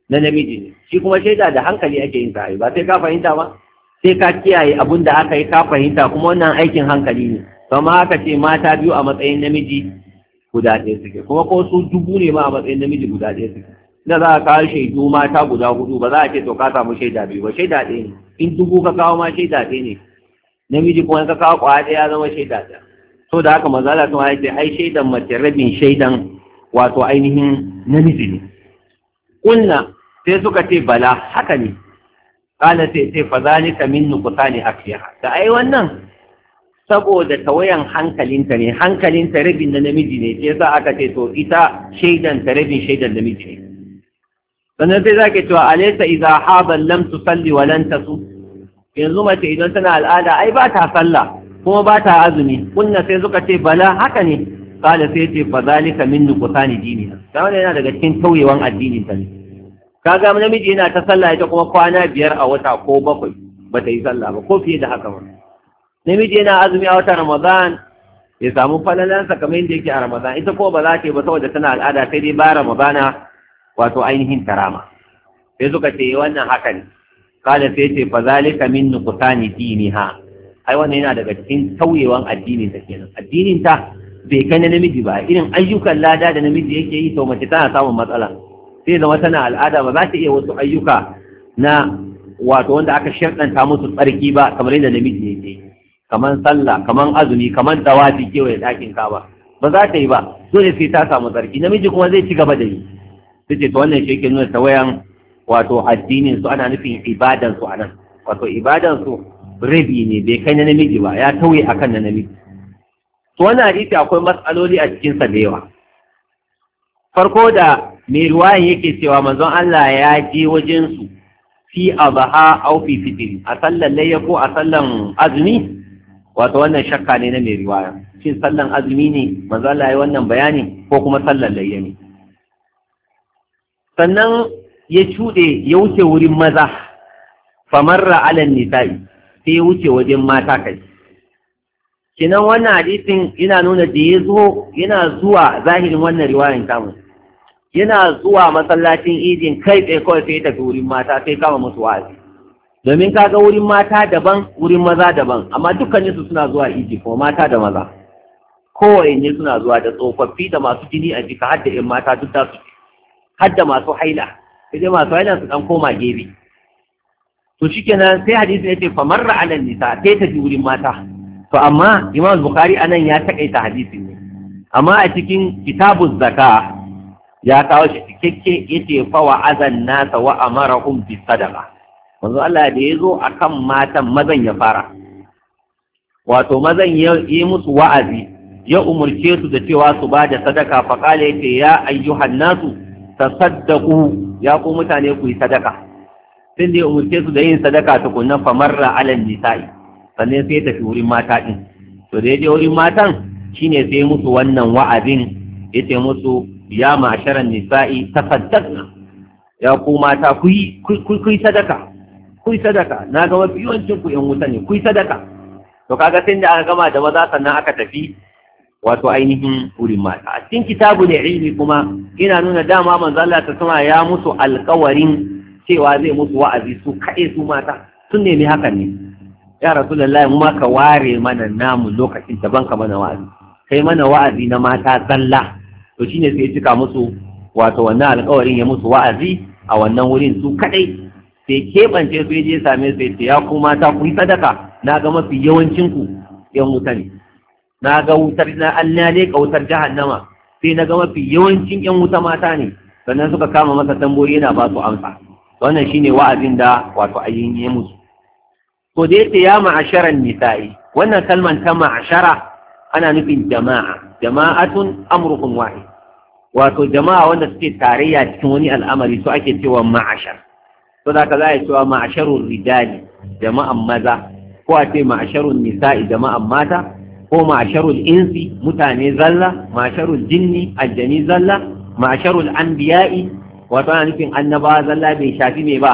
na namiji ne shi kuma shaida da hankali ake yin sa ba sai ka fahimta ba sai ka kiyaye abun da aka yi ka fahimta kuma wannan aikin hankali ne kama haka ce mata biyu a matsayin namiji guda ɗaya suke kuma ko su dubu ne ma a matsayin namiji guda ɗaya suke ina za a kawo shaidu mata guda hudu ba za a ce to ka samu shaida biyu ba shaida ɗaya ne in dubu ka kawo ma shaida ɗaya ne namiji kuma ka kawo kwaya ɗaya zama shaida ɗaya so da haka maza da kuma ya ce ai shaidan mace rabin shaidan wato ainihin namiji ne kunna sai suka ce bala haka ne kala sai sai fa zalika min nuqsani afiha da ai wannan saboda tawayan hankalinta ne hankalinta rabin na namiji ne sai za aka ce to ita shaidan ta rabin shaidan namiji ne sannan sai zake cewa alaysa idza haba lam tusalli wa lan tasu yanzu mace idan tana al'ada ai ba ta sallah kuma ba ta azumi kunna sai suka ce bala haka ne kala sai ce fa zalika min nuqsani Ta sai yana daga cikin tauyewan addinin ta ne kaga namiji yana ta sallah ita kuma kwana biyar a wata ko bakwai ba ta yi sallah ba ko fiye da haka ba namiji yana azumi a wata ramadan ya samu falalansa kamar yadda yake a ramadan ita ko ba za ta yi ba saboda tana al'ada sai dai ba ramadana wato ainihin tarama sai suka ce eh, wannan haka ne kada sai ce fa zalika min nuqsani diniha ai wannan yana daga cikin tauyewan addinin ta kenan addinin ta bai kai na namiji ba irin ayyukan lada da namiji yake yi to mace tana samun matsala sai zama tana al'ada ba za ta iya wasu ayyuka na wato wanda aka shaɗanta musu tsarki ba kamar yadda namiji ne ke kamar sallah kamar azumi kamar dawafi kewaye ɗakin kaba ba za ta yi ba dole sai ta samu tsarki namiji kuma zai ci gaba da yi su ce ta wannan shi nuna tawayan wato addinin su ana nufin ibadan su anan wato ibadan su rabi ne bai kai na namiji ba ya tauye akan na namiji to wannan hadisi akwai matsaloli a cikin sa da yawa farko da mai ruwayan yake cewa manzon Allah ya je wajensu fi abaha au fi fitri a sallan layya ko a sallan azumi wato wannan shakka ne na mai ruwaya, shin sallan azumi ne manzon Allah ya wannan bayani ko kuma sallan layya ne sannan ya cuɗe ya wuce wurin maza famarra alan nisa'i sai ya wuce wajen mata kai kinan wannan hadisin yana nuna da ya zo yana zuwa zahirin wannan riwayan tamu yana zuwa masallacin idin kai tsaye kawai sai tafi wurin mata sai kama musu wa'azi domin kaga wurin mata daban wurin maza daban amma dukkanin su suna zuwa iji ko mata da maza ne suna zuwa da tsofaffi da masu jini a jika har da yan mata duk da su har da masu haila sai dai masu haila su dan koma gebe to shikenan sai hadisi ce famar ra'anan nisa sai ta wurin mata to amma imam bukhari anan ya takaita hadisin ne amma a cikin kitabuz zakah ya kawo shi cikakke yace fa wa azan nasa wa amarahum bi sadaqa manzo Allah da ya zo akan matan mazan ya fara wato mazan ya yi musu wa'azi ya umurce su da cewa su ba da sadaka fa kale yace ya ayyuhan nasu tasaddaqu ya ku mutane ku yi sadaka sai da ya umurce su da yin sadaka tukunna fa marra ala nisa'i sannan sai ta wurin mata din to da ya je wurin matan shine sai musu wannan wa'azin yace musu ya ma'asharan nisa'i tafaddaqna ya ku mata ku yi ku yi sadaka ku yi sadaka na ga mafi yawancin ku yan wuta ne ku yi sadaka to kaga sai da aka gama da maza sannan aka tafi wato ainihin wurin mata a cikin kitabu ne ilmi kuma ina nuna dama manzo Allah ta sama ya musu alƙawarin cewa zai musu wa'azi su kaɗai su mata sun nemi hakan ne ya rasulullahi mu ma ka ware mana namu lokacin daban ka mana wa'azi kai mana wa'azi na mata zalla to shine sai ya cika musu wato wannan alƙawarin ya musu wa'azi a wannan wurin su kadai sai keɓance su je same su ya ya ta mata sadaka na ga mafi yawancin ku yan wuta ne na ga wutar na ne ka wutar jahannama sai na ga mafi yawancin yan wuta mata ne sannan suka kama masa tambori yana ba su amsa wannan shine wa'azin da wato ayin ya musu to dai ta ya ma'asharan nisa'i wannan kalman ta ma'ashara ana nufin jama'a jama'atun amruhum wahid wato jama'a wanda suke tarayya cikin wani al'amari su ake cewa ma'ashar to da ka za a cewa ma'asharun rijali jama'an maza ko a ce ma'asharun nisa'i jama'an mata ko ma'asharul insi mutane zalla ma'asharul jinni aljani zalla ma'asharul anbiya'i wato ana nufin annabawa zalla bai shafi me ba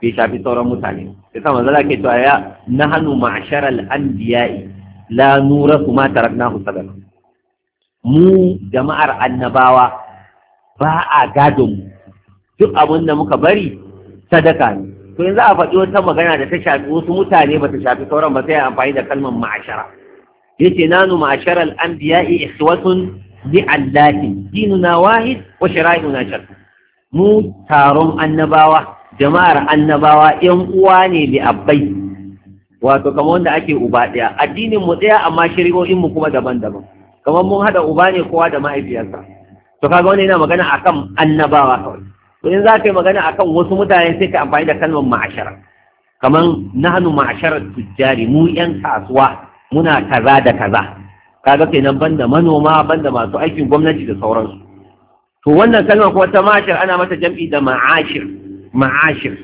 bai shafi sauran mutane sai sama zalla ke cewa ya nahanu ma'asharal anbiya'i la nura kuma taraknahu sadaka mu jama'ar annabawa ba a gadon mu duk abin da muka bari sadaka ne to yanzu a faɗi wata magana da ta shafi wasu mutane ba ta shafi sauran ba sai amfani da kalmar ma'ashara yace nanu ma'ashara al-anbiya'i ikhwatun li allahi dinuna wahid wa shara'ina shar mu taron annabawa jama'ar annabawa yan uwa ne bi abbai wato kamar wanda ake uba ɗaya addinin mu ɗaya amma shari'o'in mu kuma daban-daban kamar mun haɗa uba ne kowa da mahaifiyarsa to kaga wani yana magana akan annabawa kawai to in za ka yi magana akan wasu mutane sai ka amfani da kalmar ma'ashara kamar nahnu ma'asharar tujjari mu yan kasuwa muna kaza da kaza kaga kenan banda manoma banda masu aikin gwamnati da sauransu to wannan kalma kuma ta ma'ashir ana mata jam'i da ma'ashir ma'ashir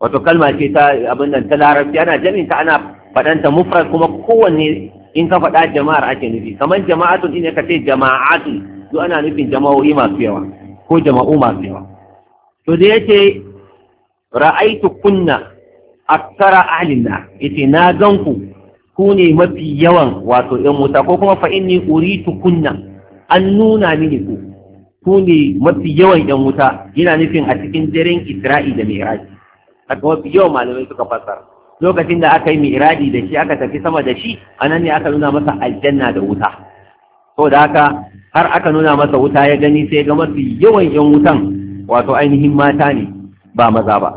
wato kalma ce ta abin nan ta larabci ana jam'in ta ana faɗanta mufrad kuma kowanne in ka faɗa jama'ar ake nufi kamar jama'atun in ka ce jama'atun to ana nufin jama'o'i masu yawa ko jama'u masu yawa to da yace ra'aitu kunna akara ahlin na yace na gan ku ku ne mafi yawan wato yan wuta ko kuma fa inni uritu kunna an nuna mini ku ku ne mafi yawan yan wuta yana nufin a cikin daren Isra'i da Mi'raj haka mafi yawan malamai suka fassara lokacin da aka yi mi'radi da shi aka tafi sama da shi A nan ne aka nuna masa aljanna da wuta to da haka har aka nuna masa wuta ya gani sai ga mafi yawan yan wutan wato ainihin mata ne ba maza ba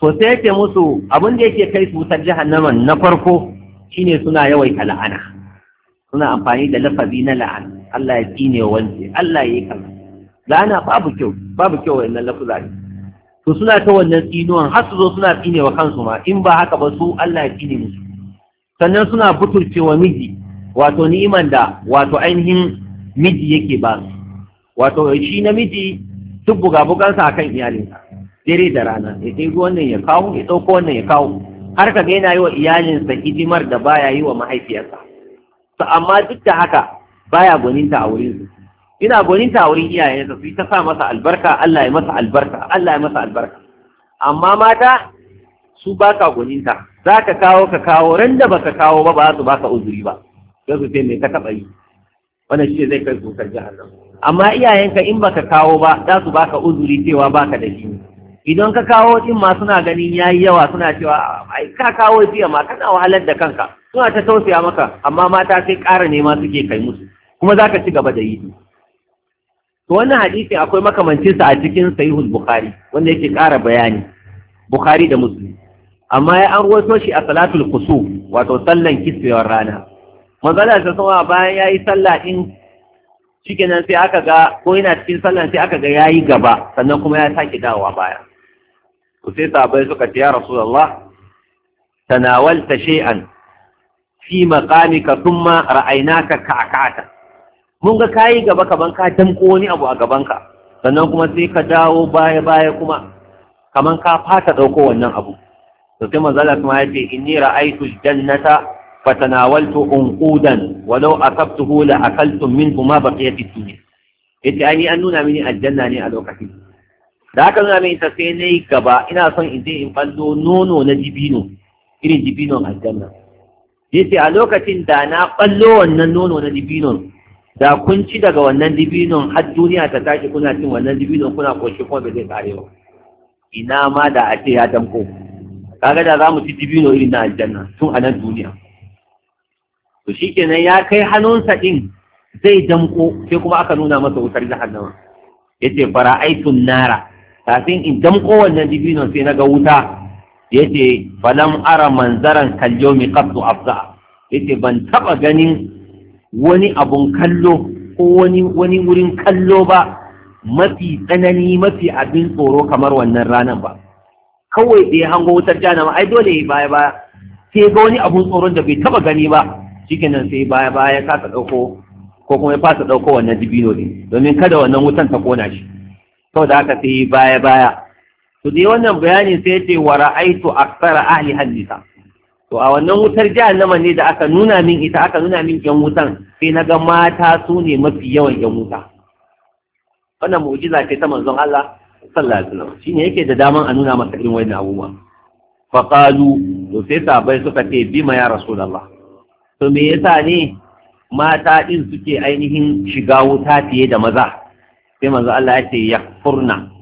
Sosai sai yake musu abin da yake kai su wutar jahannama na farko shine suna yawaita la'ana suna amfani da lafazi na la'ana Allah ya tsine wance Allah ya yi kama la'ana babu kyau babu kyau wannan lafazi to suna ta wannan tsinuwan har su zo suna tsine wa kansu ma in ba haka ba su Allah ya tsine musu sannan suna buturce wa miji wato ni'iman da wato ainihin miji yake ba su wato shi namiji duk buga-bugansa kan iyalinsa dare da rana ya kai wannan ya kawo ya ɗauko wannan ya kawo har ka yana yi wa iyalinsa hidimar da baya yi wa mahaifiyarsa amma duk da haka baya gwaninta a wurinsu ina gwaninta a wurin iyayensa su yi ta sa masa albarka Allah ya masa albarka Allah ya masa albarka amma mata su ba ka gwaninta za ka kawo ka kawo ran da ba ka kawo ba ba su ba ka uzuri ba sai su ce me ka taɓa yi wannan shi zai kai zukar jahannam amma iyayenka in ba ka kawo ba za su ba ka uzuri cewa ba ka da shi idan ka kawo din ma suna ganin ya yi yawa suna cewa ai ka kawo jiya ma kana wahalar da kanka suna ta tausaya maka amma mata sai ƙara nema suke kai musu kuma za ka ci gaba da yi to wannan hadisi akwai makamancinsa a cikin sahihul bukhari wanda yake ƙara bayani bukhari da muslim amma ya an ruwaito shi a salatul kusu wato sallan kiswewar rana manzala ta sama bayan yayi yi sallah ɗin sai aka ga ko yana cikin sallan sai aka ga ya gaba sannan kuma ya saki dawowa baya to sai sahabbai suka ce ya rasulullah tanawalta shay'an fi maqamika thumma ra'aynaka ka'kata mun ga kayi gaba kaman ka damko wani abu a gabanka sannan kuma sai ka dawo baya baya kuma kaman ka fata dauko wannan abu to sai manzo Allah ya ce inni ra'aytu jannata fatanawaltu unqudan walau asabtuhu la akaltum minhu ma baqiyati dunya yace ai an nuna mini aljanna ne a lokacin da aka nuna mini ta sai nayi gaba ina son in je in ballo nono na dibino irin dibinon aljanna yace a lokacin da na ballo wannan nono na dibinon da kun ci daga wannan dibinon har duniya ta tashi kuna cin wannan dibinon kuna koshi kuma bai zai kare ba ina ma da a ce ya damko kaga da za mu ci dibino irin na aljanna tun a nan duniya to kenan ya kai hannunsa ɗin zai damko sai kuma aka nuna masa wutar jahannama yace aitun nara kafin in damko wannan dibinon sai na ga wuta Ya yace falam ara manzaran kaljomi qattu afza ce ban taɓa ganin wani abun kallo ko wani wurin kallo ba mafi tsanani mafi abin tsoro kamar wannan ranar ba kawai da ya hango wutar jahannama ai dole ya baya baya sai ga wani abun tsoron da bai taba gani ba shikenan sai baya baya ya kasa dauko ko kuma ya fasa dauko wannan dibino ne domin kada wannan wutan ta kona shi saboda haka sai baya baya to dai wannan bayanin sai ya ce wa ra'aitu aktsara ahli hadisa to a wannan wutar jahannama ne da aka nuna min ita aka nuna min yan wutan sai na ga mata su ne mafi yawan yan wuta wannan mu'jiza ce ta manzon Allah sallallahu alaihi wasallam shine yake da daman a nuna masa irin wannan abubuwa fa qalu to sai sabai suka ce bima ya rasulullah to me yasa ne mata din suke ainihin shiga wuta fiye da maza sai manzon Allah ya ce yakfurna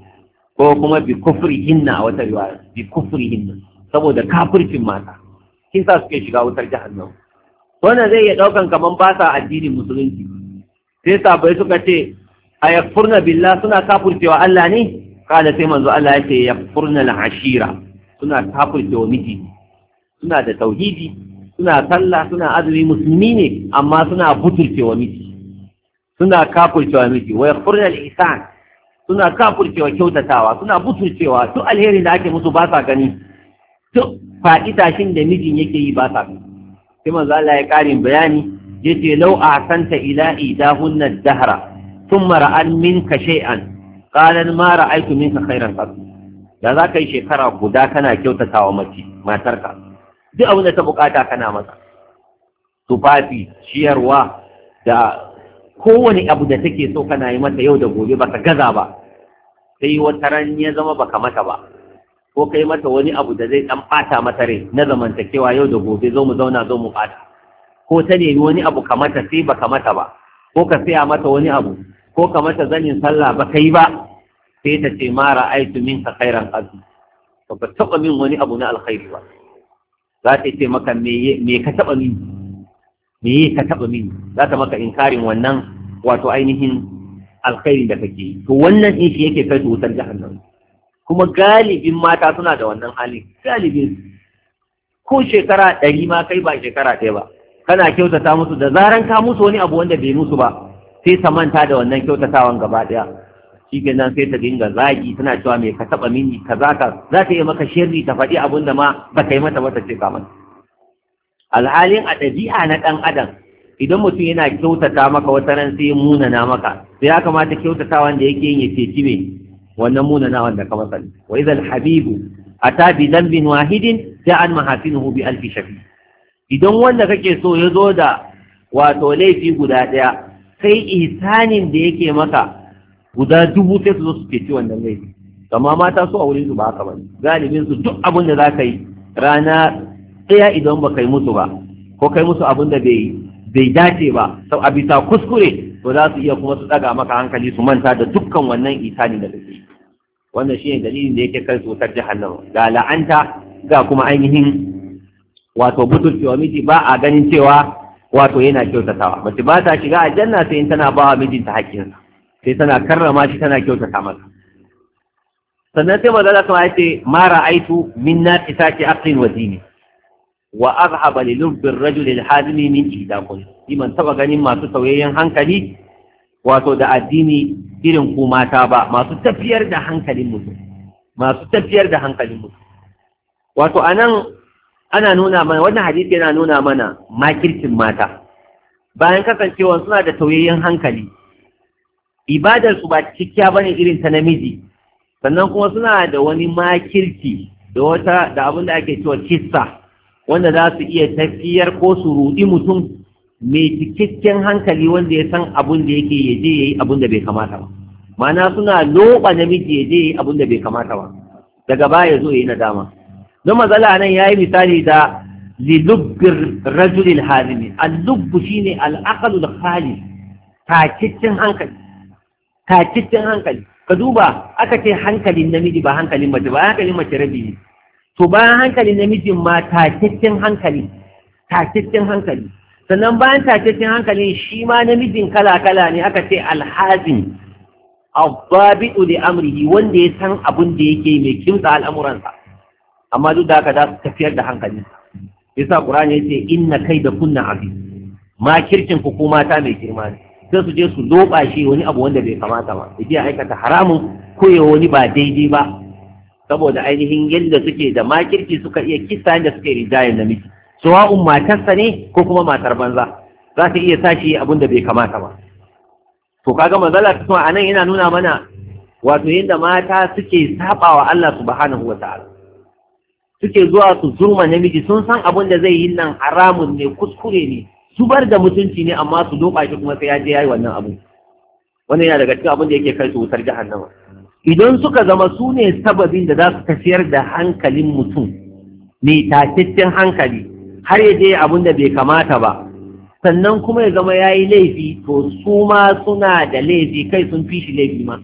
ko kuma bi kufrihinna wata riwaya bi kufrihinna saboda kafircin mata shi sa suke shiga wutar jahannam wannan zai iya daukan kaman ba sa addinin musulunci sai sabai suka ce a yakfurna billah suna kafurcewa Allah ne kada sai manzo Allah ya ce yakfurna al-ashira suna kafurcewa miji suna da tauhidi suna sallah suna azumi musulmi ne amma suna butulcewa miji suna kafurcewa miji wa yakfurna al-ihsan suna kafurcewa kyautatawa suna butulcewa Su alheri da ake musu ba sa gani duk faɗi da mijin yake yi ba sa sai manzo Allah ya ƙarin bayani yace law ahsanta ila idahunna dahra thumma ra'an minka shay'an qalan ma ra'aytu minka khairan da za ka yi shekara guda kana kyautatawa mace matarka duk abin da ta bukata kana masa tufafi ciyarwa da kowane abu da take so kana yi mata yau da gobe baka gaza ba sai wata ran ya zama baka mata ba ko kai mata wani abu da zai dan bata mata rai na zamantakewa yau da gobe zo mu zauna zo mu bata ko ta nemi wani abu kamata sai ba kamata ba ko ka saya mata wani abu ko ka mata zanin sallah ba kai ba sai ta ce mara aitu ka khairan qadu ba ka taba min wani abu na alkhairi ba za ta ce maka me ka taba min me ka taba min za ta maka inkarin wannan wato ainihin alkhairi da kake to wannan shi yake kai wutar jahannama kuma galibin mata suna da wannan hali galibin ko shekara ɗari ma kai ba shekara ɗaya ba kana kyautata musu da zaran ka musu wani abu wanda bai musu ba sai ta manta da wannan kyautatawan gaba ɗaya shi nan sai ta dinga zagi tana cewa mai ka taɓa mini za ka za ta yi maka shirri ta faɗi abin da ma ba ka yi mata ba ta ce ka mata alhalin a ɗabi'a na ɗan adam idan mutum yana kyautata maka wata ran sai munana maka sai ya kamata kyautatawan da yake yin ya ceci mai wannan munanawan da ka masa wa habibu ata bi dhanbin wahidin ja'an mahasinuhu hubi alfi shafi idan wanda kake so ya zo da wato laifi guda ɗaya, sai ihsanin da yake maka guda dubu sai su zo su ci wannan laifi kama mata so a wurin su ba haka bane galibin su duk abin da ka yi rana ɗaya idan ba kai musu ba ko kai musu abin da bai bai dace ba sau a bisa kuskure to za su iya kuma su daga maka hankali su manta da dukkan wannan isani da kake wannan shine dalilin da yake kai tsotar jahannama ga la'anta ga kuma ainihin wato butul miji ba a ganin cewa wato yana kyautatawa mace ba ta shiga aljanna sai in tana bawa mijinta haƙƙinsa sai tana karrama shi tana kyautata masa sannan sai manzo Allah ya ce mara aitu min naqisati aqin wa dini wa azhaba li lubbir rajul al-hadimi min ihdakum liman taba ganin masu sauyayen hankali wato da addini irin ku mata ba masu tafiyar da hankalin mutum masu tafiyar da hankalin mutum wato anan ana nuna mana wannan hadisi yana nuna mana makircin mata bayan kasancewa suna da tauyayyen hankali ibadar su ba cikkiya bane irin ta namiji sannan kuma suna da wani makirci da wata da abin da ake cewa kissa wanda za su iya tafiyar ko su rudi mutum mai cikakken hankali wanda ya san abin da yake ya je ya yi abin da bai kamata ba mana suna loba namiji ya je ya yi abin da bai kamata ba daga baya zo ya yi nadama don matsala nan ya yi misali da lilubbir rajulil halimi allubbu al'akalu da hali takiccin hankali takiccin hankali ka duba aka ce hankalin namiji ba hankalin mace ba hankalin mace rabi ne to bayan hankali namijin ma tataccen hankali tataccen hankali sannan bayan tataccen hankali, shi ma namijin kala-kala ne aka ce alhazin abbabitu da amrihi wanda ya san abin da yake mai kimsa al'amuransa amma duk da haka za su tafiyar da hankali yasa qur'ani yace inna kai da kunna abi ma kirkin ku ko mata mai girma ne sai su je su loba shi wani abu wanda bai kamata ba ya aikata haramun koyewa wani ba daidai ba saboda ainihin yadda suke da makirki suka iya kisa da suke rijayen namiji sawa'un matarsa ne ko kuma matar banza za ta iya tashi abin da bai kamata ba to kaga manzala ta a nan yana nuna mana wato yadda mata suke sabawa Allah subhanahu wa ta'ala suke zuwa su zurma namiji sun san abin da zai yi nan haramun ne kuskure ne zubar da mutunci ne amma su doka shi kuma sai ya je yayi wannan abu wannan yana daga cikin abin da yake kai su wutar jahannama idan suka zama su ne sababin da za su tafiyar da hankalin mutum mai tataccen hankali har ya je abin da bai kamata ba sannan kuma ya zama ya yi laifi to su ma suna da laifi kai sun fi shi laifi ma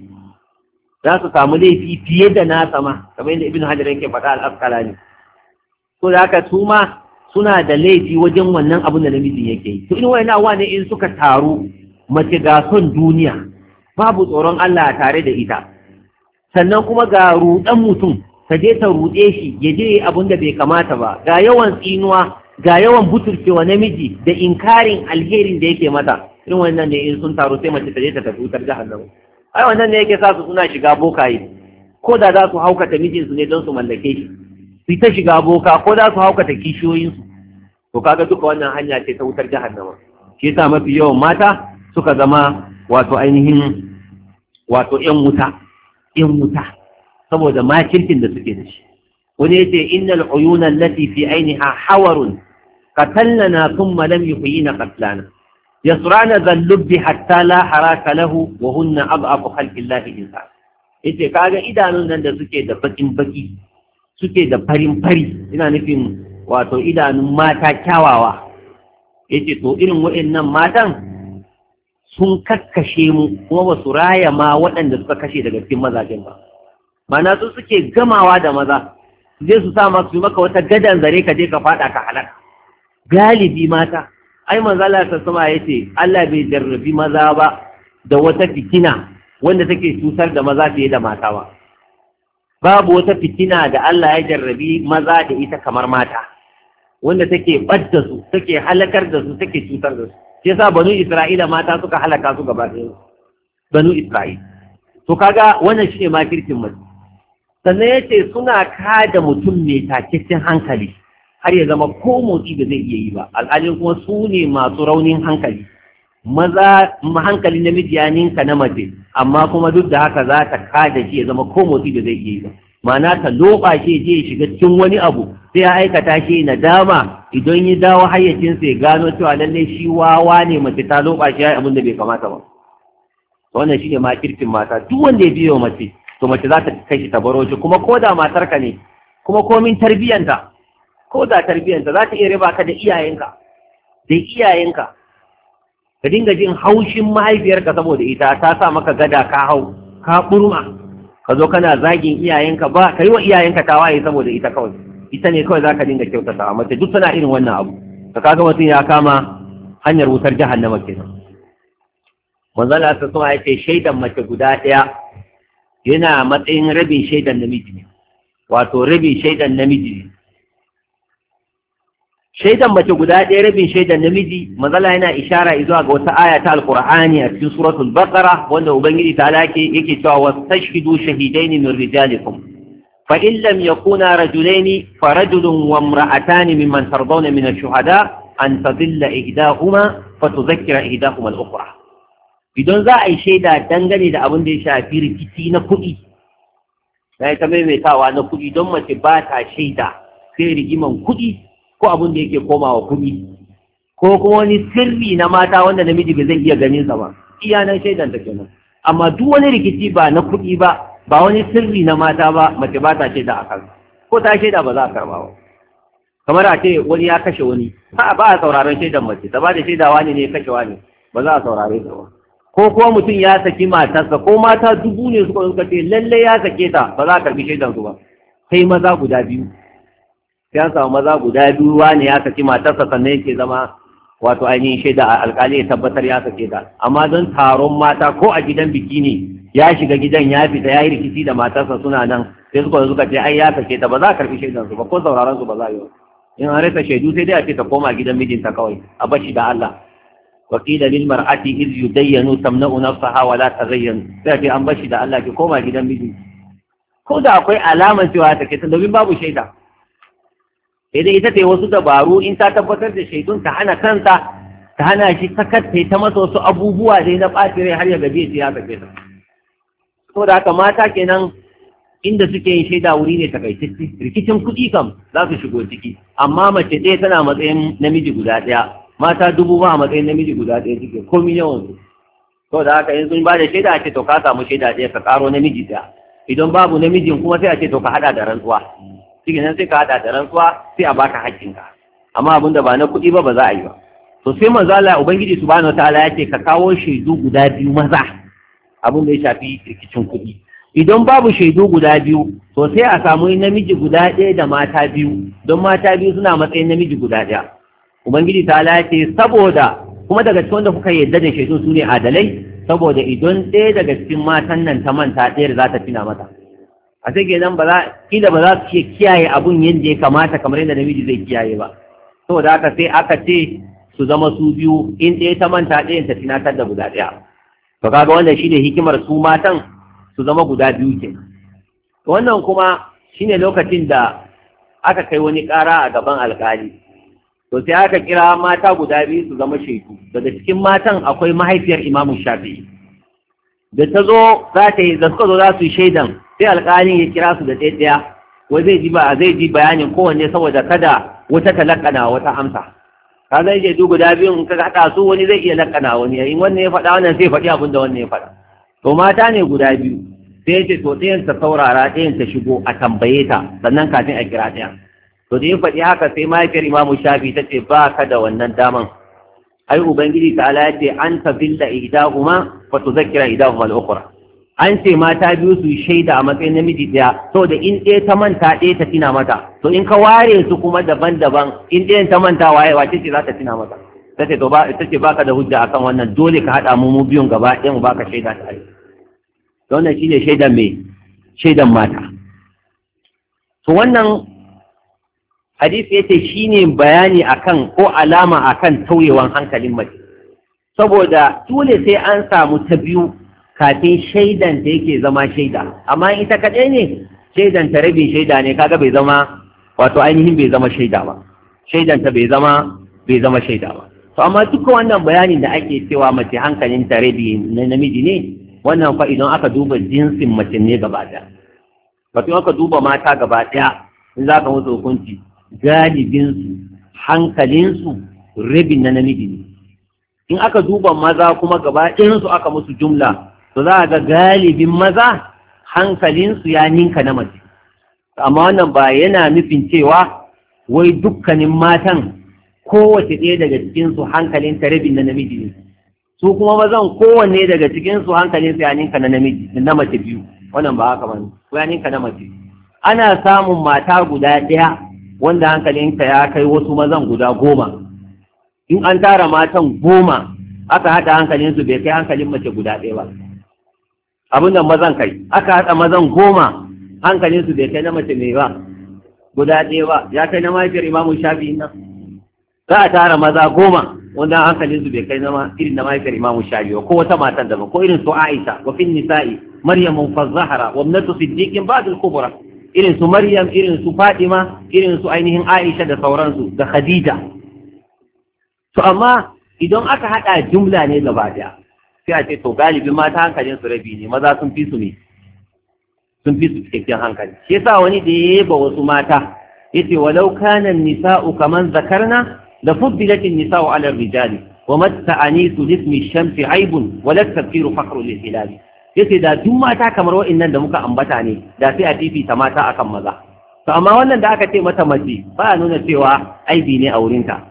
za su samu laifi fiye da nasa ma kamar yadda ibn hajar yake faɗa al'askara ne to da haka su ma suna da laifi wajen wannan abin da namijin yake yi to in wani awa ne in suka taru mace ga son duniya babu tsoron Allah tare da ita sannan kuma ga ruɗan mutum ta je ta ruɗe shi ya je abin da bai kamata ba ga yawan tsinuwa ga yawan buturkewa namiji da inkarin alherin da yake mata irin wannan ne in sun taru sai mace ta je ta tafi wutar jahannama ai wannan ne yake sa su suna shiga bokaye ko da za su haukata mijinsu ne don su mallake shi su ta shiga boka ko za su haukata kishiyoyinsu to kaga duka wannan hanya ce ta wutar jahannama shi yasa mafi yawan mata suka zama wato ainihin wato 'yan wuta in wuta saboda makirkin da suke da shi wani yace innal uyuna allati fi ainiha hawarun qatalna na lam Ya qatlana yasrana zallubi hatta la haraka lahu wa hunna adhafu khalqillahi insan yace kaga idanun nan da suke da bakin baki suke da farin fari ina nufin wato idanun mata kyawawa yace to irin waɗannan matan sun kakkashe mu kuma ba su raya ma waɗanda suka kashe daga cikin mazajen ba mana su suke gamawa da maza su je su sa masu maka wata gadan zare ka je ka faɗa ka halaka galibi mata ai manzo Allah ta sama ce, Allah bai jarrabi maza ba da wata fitina wanda take cutar da maza fiye da mata ba babu wata fitina da Allah ya jarrabi maza da ita kamar mata wanda take ɓadda su take halakar da su take cutar da su shi yasa banu isra'ila mata suka halaka su gaba ɗaya banu isra'ila to kaga wannan shine ma kirkin mace sannan yace suna kada mutum mai takeccen hankali har ya zama ko motsi da zai iya yi ba al'adun kuma su ne masu raunin hankali maza hankali namiji ya ninka na mace amma kuma duk da haka za ta kada shi ya zama ko motsi da zai iya yi ba ma'ana ta loba shi je shiga cikin wani abu sai ya aikata shi na dama idan ya dawo hayyacinsa ya gano cewa lallai shi wawa ne mace ta loba shi yayi abin da bai kamata ba wannan shine ma kirkin mata duk wanda ya biyo mace to mace za ta kai shi ta baro shi kuma ko da ka ne kuma komin tarbiyanta ko da tarbiyanta za ta iya riba ka da iyayenka da iyayenka ka dinga jin haushin mahaifiyarka saboda ita ta sa maka gada ka hau ka burma ka zo kana zagin iyayenka ba ka yi wa iyayenka tawaye saboda ita kawai ita ne kawai za ka dinga kyautata a mace duk suna irin wannan abu ka kaga mutum ya kama hanyar wutar jahannama kenan manzo Allah ta sama ce shaidan mace guda ɗaya yana matsayin rabin shaidan namiji ne wato rabin shaidan namiji ne shaidan mace guda ɗaya rabin shaidan namiji mazala yana ishara zuwa ga wata aya ta alqur'ani a cikin suratul baqara wanda ubangiji ta lake yake cewa wastashhidu shahidaini min rijalikum فإن لم يكونا رجلين فرجل وامرأتان ممن ترضون من الشهداء أن تضل إهداهما فتذكر إهداهما الأخرى idan za a yi shaida dangane da abin da ya shafi rikici na kuɗi na ita maimaitawa na kuɗi don mace ba ta shaida sai rigiman kuɗi ko abin da komawa kuɗi ko kuma wani sirri na mata wanda namiji ba zai iya ganin sa ba iya nan shaidan ta kenan amma duk wani rikici ba na kuɗi ba ba wani sirri na mata ba mace ba ta shaida a kan ko ta shaida ba za a karba ba kamar a ce wani ya kashe wani ba a sauraron shaidan mace ta ba da shaida wani ne kashe wani ba za a saurare ta ba ko kuma mutum ya saki matarsa ko mata dubu ne suka suka ce lalle ya sake ta ba za a karbi shaidan su ba sai maza guda biyu sai an samu maza guda biyu wani ya saki matarsa sannan yake zama wato ainihin shaida alkali ya tabbatar ya sake ta amma don taron mata ko a gidan biki ne ya shiga gidan ya fita ya yi rikici da matarsa suna nan sai suka suka ce ai ya sake ta ba za a karfi shaidan su ba ko sauraron su ba za a yi in an rasa shaidu sai dai a ce ta koma gidan mijinta kawai a bashi da Allah mar'ati iz yudayyanu tamna'u nafsaha wa la تزين sai an bashi da Allah ki koma gidan miji ko da akwai alaman cewa ta kai domin babu shaida sai dai ita ta wasu dabaru in ta tabbatar da shaidun ta hana kanta ta hana shi sakat ta masa wasu abubuwa dai na ɓacin rai har ya gaje ya sake ta da haka mata kenan inda suke yin shaida wuri ne takaitacce rikicin kuɗi kam za su shigo ciki amma mace ɗaya tana matsayin namiji guda ɗaya mata dubu ba a matsayin namiji guda ɗaya suke ko miliyan su da haka in sun ba da shaida a ce to ka samu shaida ɗaya ka ƙaro namiji ɗaya idan babu namijin kuma sai a ce to ka haɗa da rantsuwa cikin nan sai ka haɗa da rantsuwa sai a baka haƙƙinka amma abin da ba na kuɗi ba ba za a yi ba to sai maza Allah ubangiji subhanahu wataala ya ce ka kawo shaidu guda biyu maza abin da ya shafi rikicin kuɗi idan babu shaidu guda biyu to sai a samu namiji guda ɗaya da mata biyu don mata biyu suna matsayin namiji guda ɗaya ubangiji ta lace saboda kuma daga cikin wanda kuka yarda da shaidu su ne adalai saboda idan ɗaya daga cikin matan nan ta manta ɗaya da za ta tuna mata a sai ke ba za kila ba za su ke kiyaye abun yadda ya kamata kamar yadda namiji zai kiyaye ba saboda haka sai aka ce su zama su biyu in ɗaya ta manta ɗaya ta tunatar da guda ɗaya to kaga wannan shine hikimar su matan su zama guda biyu ke wannan kuma shine lokacin da aka kai wani ƙara a gaban alƙali to sai aka kira mata guda biyu su zama shaidu daga cikin matan akwai mahaifiyar imamu shafi da ta zo za ta yi da suka zo za su yi shaidan sai alƙalin ya kira su da ɗaya wai zai ji ba zai ji bayanin kowanne saboda kada wata talakana wata amsa ka zai shaidu guda biyun in ka haɗa su wani zai iya lakana wani yayin wannan ya faɗa wannan sai faɗi abin da wannan ya faɗa to mata ne guda biyu sai ya ce to ɗayan ta saurara ɗayan ta shigo a tambaye ta sannan kafin a kira ɗayan to da ya faɗi haka sai mahaifiyar imamu shafi ta ce ba ka da wannan daman ai ubangiji ta ala ya ce an tafilla ihdahuma fa tuzakkira ihdahuma al-ukhra an ce mata biyu su shaida a matsayin namiji ɗaya da in ɗaya ta manta ɗaya ta tina mata to in ka ware su kuma daban-daban in ɗayan ta manta waye wace ce za ta tina mata ta ce to ba ta ce baka da hujja akan wannan dole ka haɗa mu mu biyun gaba ɗaya mu baka shaida ta ai wannan shine shaidan me shaidan mata to wannan hadisi yace shine bayani akan ko alama akan tauyewan hankalin mace saboda dole sai an samu ta biyu kafin shaidan ta yake zama shaida amma ita kaɗai ne shaidan ta rabin shaida ne kaga bai zama wato ainihin bai zama shaida ba shaidan ta bai zama bai zama shaida ba to amma duka wannan bayanin da ake cewa mace hankalin ta rabi na namiji ne wannan fa idan aka duba jinsin mace ne gaba ɗaya wato aka duba mata gaba ɗaya in za ka musu hukunci galibinsu hankalinsu rabin na namiji ne in aka duba maza kuma gaba su aka musu jumla su za a ga galibin maza hankalinsu ya ninka na mace amma wannan ba yana nufin cewa wai dukkanin matan kowace ɗaya daga cikinsu hankalin ta rabin na namiji ne su kuma mazan kowanne daga cikinsu hankalin su ya ninka na namiji na mace biyu wannan ba haka bane ko ya ninka na mace ana samun mata guda ɗaya wanda hankalinka ya kai wasu mazan guda goma in an tara matan goma aka haɗa hankalinsu bai kai hankalin mace guda ɗaya ba abin da mazan kai aka haɗa mazan goma hankalinsu bai kai na mace mai ba guda ɗaya ba ya kai na mahaifiyar imamu shafi nan za a tara maza goma wanda hankalinsu bai kai na irin na mahaifiyar imamu shafi ko wata matan da ba ko irin su aisha wa fin nisa'i maryam zahara wa ibnatu siddiqin ba'dul kubra irin su maryam irin su fatima irin su ainihin aisha da sauransu da khadija to amma idan aka haɗa jumla ne gaba ɗaya sai a ce to galibi mata hankalin su rabi ne maza sun fi su ne sun fi su cikakken hankali shi yasa wani da ya yaba wasu mata yace walau kana nisa'u kaman zakarna la fuddilat nisa'u ala rijali wa matta anisu lismi shamsi aibun wa la tafkiru fakhru lil hilal yace da duk mata kamar wa'annan da muka ambata ne da sai a ta mata akan maza to amma wannan da aka ce mata mace ba nuna cewa aibi ne a wurinta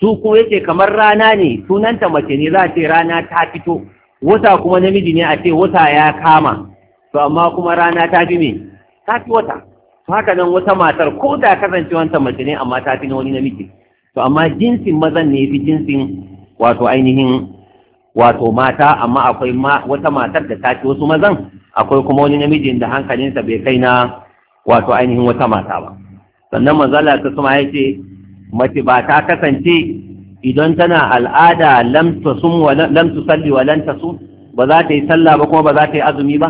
su kuma yake kamar rana ne sunanta mace ne za a ce rana ta fito wata kuma namiji ne a ce wata ya kama to amma kuma rana ta fi me ta fi wata to haka nan wata matar ko da kasance wanta mace ne amma ta fi wani namiji to amma jinsin mazan ne fi jinsin wato ainihin wato mata amma akwai wata matar da ta fi wasu mazan akwai kuma wani namijin da hankalinsa bai kai na wato ainihin wata mata ba sannan manzala ta suma ya ce mace ba ta kasance idan tana al'ada lam su wa lam wa ba za ta yi sallah ba kuma ba za ta yi azumi ba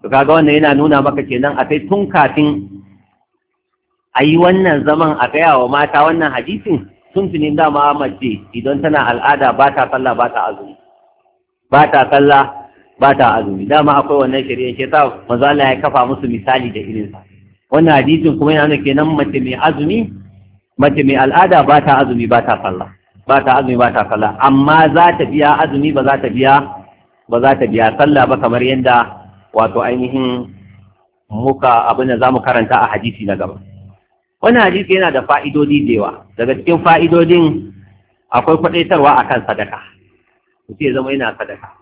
to kaga wannan yana nuna maka kenan a tun kafin a yi wannan zaman a gaya wa mata wannan hadisin tun tunin dama mace idan tana al'ada ba ta sallah ba ta azumi ba ta sallah ba ta azumi dama akwai wannan shari'a shi sa manzo Allah ya kafa musu misali da irin sa. wannan hadisin kuma yana nuna kenan mace mai azumi mace mai al'ada ba ta azumi ba ta falla ba ta azumi ba ta falla amma za ta biya azumi ba za ta biya ba za ta biya sallah ba kamar yadda wato ainihin muka abin da za mu karanta a hadisi na gaba Wani hadisi yana da fa'idodi da yawa daga cikin fa'idodin akwai kwadaitarwa akan sadaka mutum ya zama yana sadaka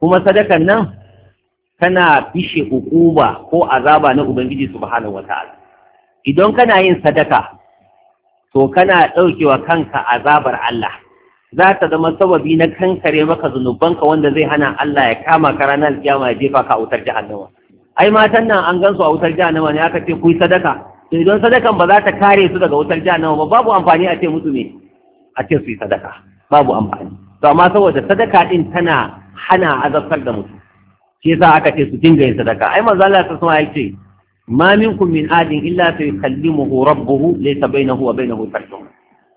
kuma sadakan nan kana fishe hukuma ko azaba na ubangiji subhanahu wataala idan kana yin sadaka to kana ɗaukewa kanka azabar Allah za ta zama sababi na kankare maka zunubanka wanda zai hana Allah ya kama ka ranar kiyama ya jefa ka a wutar jahannama ai matan nan an gan su a wutar jahannama ne aka ce ku sadaka to idan sadakan ba za ta kare su daga wutar jahannama ba babu amfani a ce musu ne a ce su yi sadaka babu amfani to amma saboda sadaka din tana hana azabtar da mutum shi yasa aka ce su dinga yin sadaka ai manzo Allah ya alaihi ya ce ma minkum min ahadin illa sayukallimuhu rabbuhu laysa bainahu wa bainahu tarjum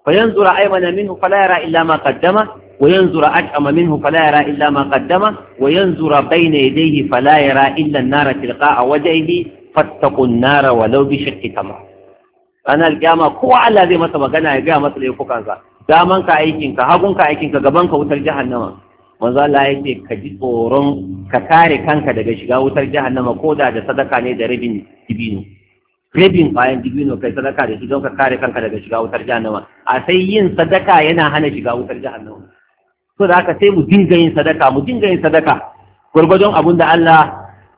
fa yanzura aymana minhu fala yara illa ma qaddama wa yanzura ajama minhu fala yara illa ma qaddama wa yanzura bayna yadayhi fala yara illa an-nara tilqa'a wajhihi fattaqun nara wa law bi shiqqi tama ana al-qiyama kowa Allah zai masa magana ya gaya masa laifukansa damanka aikinka hagunka aikinka gabanka wutar jahannama manzo Allah ya ce ka ji tsoron ka kare kanka daga shiga wutar jahannama ko da da sadaka ne da rabin dibino rabin bayan dibino kai sadaka da shi don ka kare kanka daga shiga wutar jahannama a sai yin sadaka yana hana shiga wutar jahannama so da haka sai mu dinga yin sadaka mu dinga yin sadaka gurgurdon abin da Allah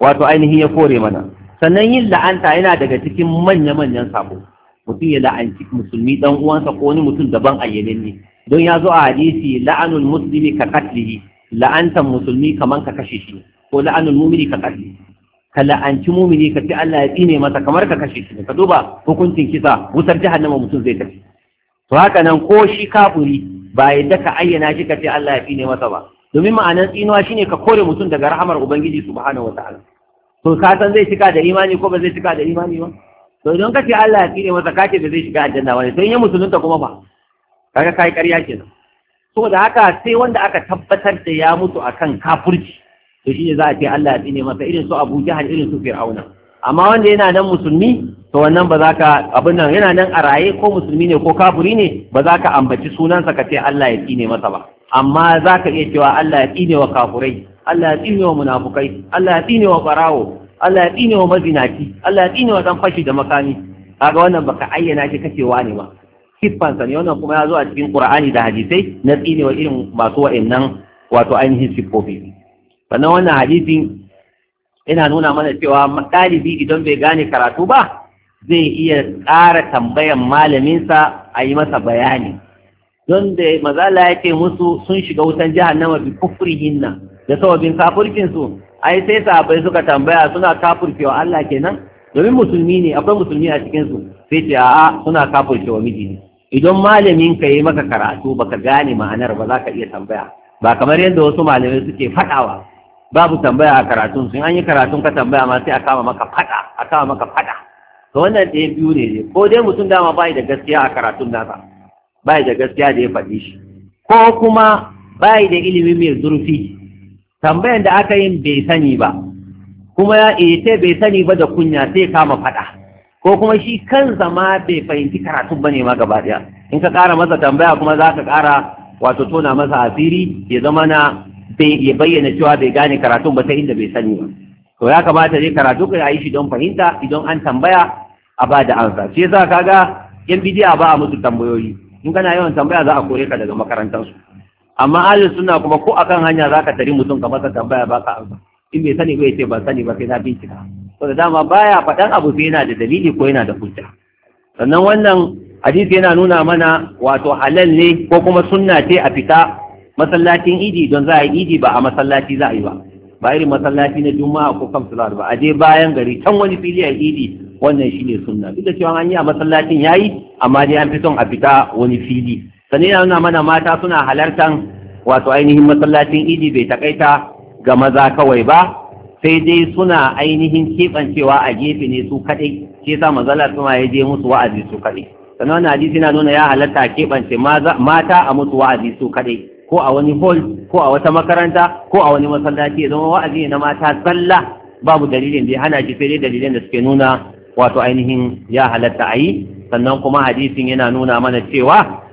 wato ainihin ya kore mana sannan yin la'anta yana daga cikin manya-manyan sabo mutum ya la'anci musulmi dan uwansa ko wani mutum daban a ne don ya zo a hadisi la'anul muslimi ka katlihi la'antan musulmi kaman ka kashe shi ko la'anul mumini ka kashe ka la'anci mumini ka ce Allah ya tsine masa kamar ka kashe shi ka duba hukuncin kisa wutar jahannama mutum zai tafi to haka nan ko shi kafuri ba yadda ka ayyana shi ka ce Allah ya tsine masa ba domin ma'anar tsinuwa shine ka kore mutum daga rahamar ubangiji subhanahu wataala to ka san zai shiga da imani ko ba zai shiga da imani ba to idan ka ce Allah ya tsine masa ka ce ba zai shiga aljanna ba to in ya musulunta kuma ba kaga kai ƙarya kenan saboda haka sai wanda aka tabbatar da ya mutu akan kafirci to shi ne za a ce Allah ya tsine masa irin su Abu jihar irin su Fir'auna amma wanda yana nan musulmi to wannan ba za ka abin nan yana nan a raye ko musulmi ne ko kafuri ne ba za ka ambaci sunansa ka ce Allah ya tsine masa ba amma za ka iya cewa Allah ya tsine wa kafurai Allah ya tsine wa munafukai Allah ya tsine wa barawo Allah ya tsine wa mazinaci Allah ya tsine wa dan fashi da makami kaga wannan baka ayyana shi kace ne ba siffansa ne wannan kuma ya zo a cikin ƙura'ani da hadisai na tsinewa irin masu wa'annan wato ainihin siffofi sannan wannan hadisin yana nuna mana cewa ɗalibi idan bai gane karatu ba zai iya ƙara tambayan malaminsa a yi masa bayani don da mazala ya ce musu sun shiga wutan jahannama bi kufrihinna da sababin kafurkinsu ai sai sahabbai suka tambaya suna kafurkewa Allah kenan domin musulmi ne akwai musulmi a cikinsu sai ce a'a suna kafurkewa miji ne idan malamin ka yi maka karatu baka gane ma'anar ba za ka iya tambaya ba kamar yadda wasu malamai suke faɗawa babu tambaya a karatun sun an yi karatun ka tambaya ma sai a kama maka faɗa a kama maka fada to wannan ɗaya biyu ne ko dai mutum dama bai da gaskiya a karatun nasa bai da gaskiya da ya faɗi shi ko kuma bai da ilimi mai zurfi tambayan da aka yin bai sani ba kuma ya eh, ita bai sani ba da kunya sai kama faɗa ko kuma shi kan zama bai fahimci karatun bane ma gaba daya in ka kara masa tambaya kuma za ka ƙara wato tona masa asiri ya zama na ya bayyana cewa bai gane karatun ba ta inda bai sani ba to ya kamata dai karatu ka yi shi don fahimta idan an tambaya a ba da ansa shi yasa kaga yan bidiya ba a musu tambayoyi in kana yawan tambaya za a kore ka daga makarantar su. amma ahlus suna kuma ko akan hanya ka tari mutum ka masa tambaya ba ka ansa in bai sani ba ya ce ban sani ba sai na bincika wanda dama baya faɗan abu sai yana da dalili ko yana da hujja sannan wannan hadisi yana nuna mana wato halal ne ko kuma sunna ce a fita masallacin idi don za a yi idi ba a masallaci za a yi ba ba irin masallaci na juma'a ko kamsular ba a je bayan gari kan wani fili a idi wannan shine sunna duk da cewa an yi a masallacin yayi amma dai an fi son a fita wani fili sannan yana nuna mana mata suna halartan wato ainihin masallacin idi bai takaita ga maza kawai ba sai dai suna ainihin keɓancewa a gefe ne su kaɗai shi yasa manzala sama ya je musu wa'azi su kaɗai sannan wannan hadisi na nuna ya halatta keɓance mata a musu wa'azi su kaɗai ko a wani hall ko a wata makaranta ko a wani masallaci ya zama wa'azi na mata sallah, babu dalilin da ya hana shi sai dai dalilin da suke nuna wato ainihin ya halatta a sannan kuma hadisin yana nuna mana cewa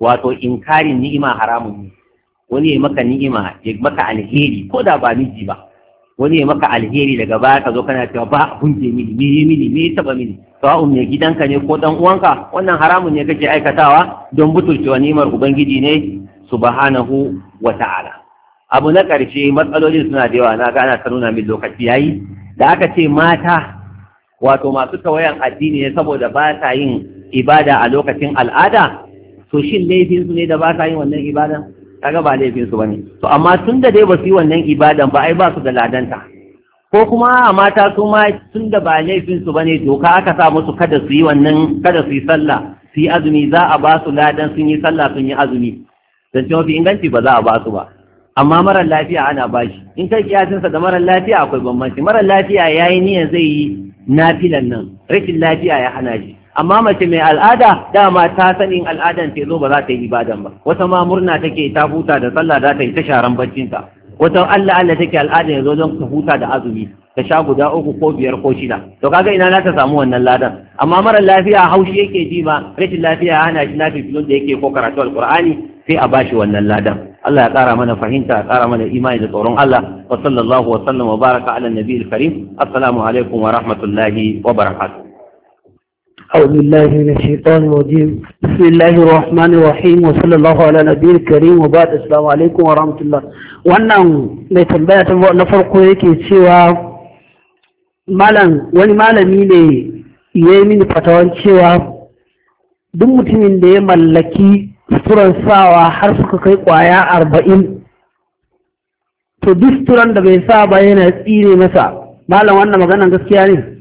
wato inkarin ni'ima haramun ne wani ya maka ni'ima ya maka alheri ko da ba miji ba wani ya maka alheri daga baya ka zo kana cewa ba abun mini me mini me taba mini sawa'un mai gidanka ne ko dan uwanka wannan haramun ne kake aikatawa don butulcewa nimar ubangiji ne subhanahu wa ta'ala abu na ƙarshe matsalolin suna da yawa na ga ana nuna lokaci yayi da aka ce mata wato masu tawayan addini ne saboda ba sa yin ibada a lokacin al'ada to shin laifin su ne da ba sa yin wannan ibada kaga ba laifin su bane to amma tun da dai ba su yi wannan ibadan ba ai ba su da ladanta ko kuma a mata su ma tun da ba laifin su bane ka aka sa musu kada su yi wannan kada su yi sallah su azumi za a ba su ladan sun yi sallah sun yi azumi dan cewa fi inganci ba za a ba su ba amma marar lafiya ana ba shi in kai sa da marar lafiya akwai bambanci marar lafiya yayi niyan zai yi nafilan nan rashin lafiya ya hana shi amma mace mai al'ada dama ta sanin al'adan ta zo ba za ta yi ibadan ba wata ma murna take ta huta da sallah za ta yi ta sharan baccinta wata Allah Allah take al'ada ya zo don ta huta da azumi ta sha guda uku ko biyar ko shida to kaga ina na ta samu wannan ladan amma mara lafiya haushi yake ji ma rashin lafiya hana shi na filin da yake ko karatu alqur'ani sai a bashi wannan ladan Allah ya ƙara mana fahimta ya ƙara mana imani da tsoron Allah wa sallallahu wa sallam wa baraka ala nabiyil karim assalamu alaikum wa rahmatullahi wa barakatuh أعوذ بالله من الشيطان الرجيم بسم الله الرحمن الرحيم وصلى الله على نبي wannan mai tambaya ta na farko yake cewa wani malami ne ya yi mini fatawan cewa duk mutumin da ya mallaki suturan sawa har suka kai kwaya arba'in to duk suturan da bai sa ba yana tsire masa malam wannan maganan gaskiya ne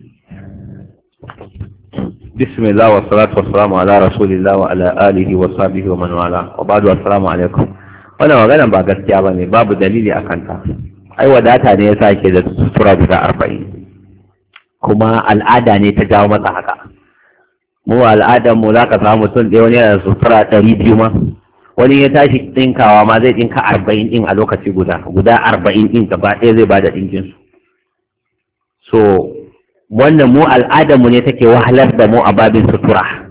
بسم الله والصلاة والسلام على رسول الله وعلى آله وصحبه ومن والاه وبعد والسلام wannan magana ba gaskiya ba ne babu dalili a kanta ai wadata ne ya sa ke da sutura guda arba'in kuma al'ada ne ta jawo masa haka mu al'adar mu za ka samu sun ɗaya wani yana sutura ɗari biyu wani ya tashi ɗinkawa ma zai ɗinka arba'in ɗin a lokaci guda guda arba'in ɗin gaba ɗaya zai bada ɗinkinsu. so wannan mu al'adarmu ne take wahalar da mu a babin sutura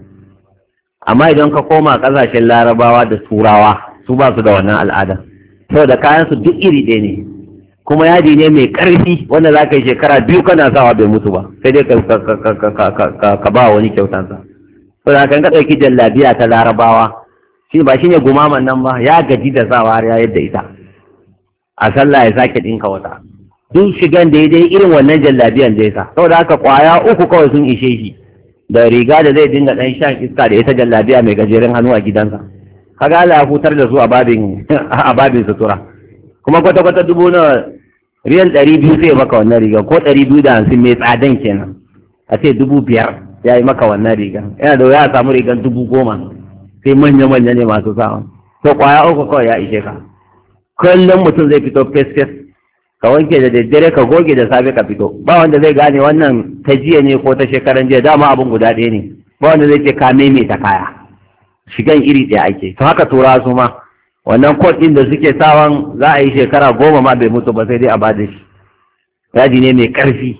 amma idan ka koma ƙasashen larabawa da turawa su ba su da wannan al'ada saboda kayan su duk iri ɗaya ne kuma yadi ne mai ƙarfi wanda za ka yi shekara biyu kana sawa bai mutu ba sai dai ka ba wani kyautansa da kan ka ɗauki jallabiya ta larabawa shi ba ne gumaman nan ba ya gaji da sawa ya yadda ita a sallah ya sake ɗinka wata duk shigan da ya irin wannan jallabiyan zai sa saboda haka kwaya uku kawai sun ishe shi da riga da zai dinga dan shan iska da ita jallabiya mai gajeren hannu a gidansa kaga Allah ya hutar da su a babin *laughs* a babin sutura kuma kwata kwata dubu na riyal ɗari biyu sai maka wannan riga ko ɗari biyu da mai tsadan kenan a ce dubu biyar ya yi maka wannan riga yana da ya samu rigan dubu goma sai manya-manya ne masu sawa to kwaya uku kawai ya ishe ka kullum mutum zai fito fes fes ka wanke da daddare ka goge da safe ka fito ba wanda zai gane wannan ta jiya ne ko ta shekaran jiya dama abin guda ɗaya ne ba wanda zai ce ka ta kaya shigan iri ɗaya ake to haka tura su ma wannan kot ɗin da suke sawan za a yi shekara goma ma bai mutu ba sai dai a bada shi yaji ne mai ƙarfi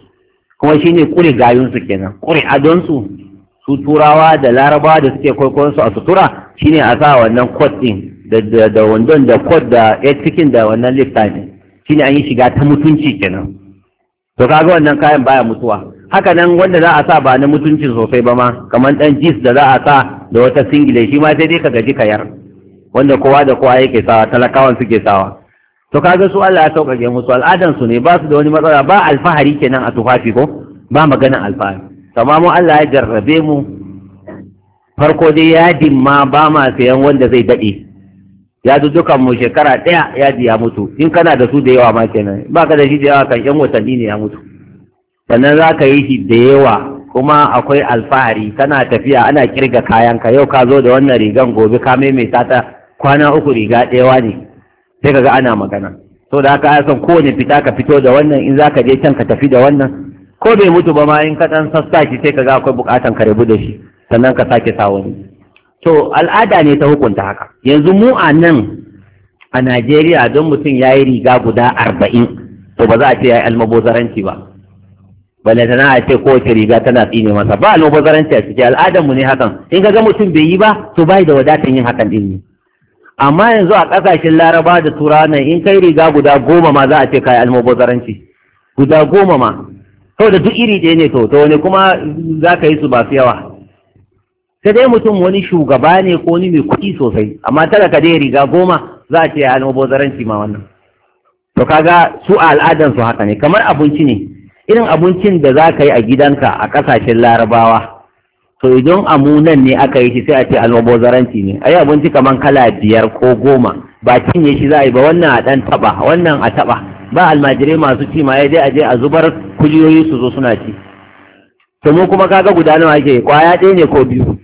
kuma shi shine ƙuri gayunsu kenan ƙuri adonsu su turawa da larabawa da suke kwaikwayon su a sutura shine a sa wannan kot ɗin, da wandon da kot da eh, cikin da wannan lifta ne ne an yi shiga ta mutunci kenan to kaga wannan kayan baya mutuwa haka nan wanda za a sa ba na mutunci sosai ba ma kamar dan jis da za a sa da wata singile shi ma sai dai ka gaji kayar wanda kowa da kowa yake sawa talakawan suke sawa to kaga su Allah ya sauƙaƙe musu al'adan su ne ba su da wani matsala ba alfahari kenan a tufafi ko ba magana alfahari amma mu Allah ya jarrabe mu farko dai ya dimma ba ma sayan wanda zai daɗe ya zo dukan mu shekara ɗaya ya ji ya mutu in kana da su da yawa ma kenan ba ka da shi da yawa kan yan watanni ne ya mutu sannan za ka yi shi da yawa kuma akwai alfahari kana tafiya ana kirga kayanka yau ka zo da wannan rigan gobe ka maimaita ta kwana uku riga ɗaya ne sai ka ga ana magana so da haka san kowane fita ka fito da wannan in za ka je can ka tafi da wannan ko bai mutu ba ma in ka ɗan sassa shi sai ka ga akwai buƙatan ka rabu da shi sannan ka sake sawo ne. to al'ada ne ta hukunta haka yanzu mu a nan a Najeriya don mutum ya yi riga guda arba'in to ba za a ce ya yi almabozaranci ba balle tana a ce kowace riga tana tsine masa ba almabozaranci a cikin al'adanmu ne hakan in ga mutum bai yi ba to bai da wadatan yin hakan din ne amma yanzu a ƙasashen laraba da turawa in kai riga guda goma ma za a ce ka yi almabozaranci guda goma ma saboda duk iri ɗaya ne to to wani kuma za ka yi su ba su yawa sai dai mutum wani shugaba ne ko ni mai kuɗi sosai amma ka dai riga goma za a ce ya almobo zaranci ma wannan to kaga su a al'adan su haka ne kamar abinci ne irin abincin da za ka yi a gidanka a ƙasashen larabawa to idan amunan ne aka yi shi sai a ce almobo zaranci ne yi abinci kamar kala biyar ko goma ba cinye shi za a yi ba wannan a ɗan taɓa wannan a taɓa ba almajirai masu ci ma ya a je a zubar kuliyoyi su zo suna ci to mu kuma kaga guda nawa ake kwaya ɗaya ne ko biyu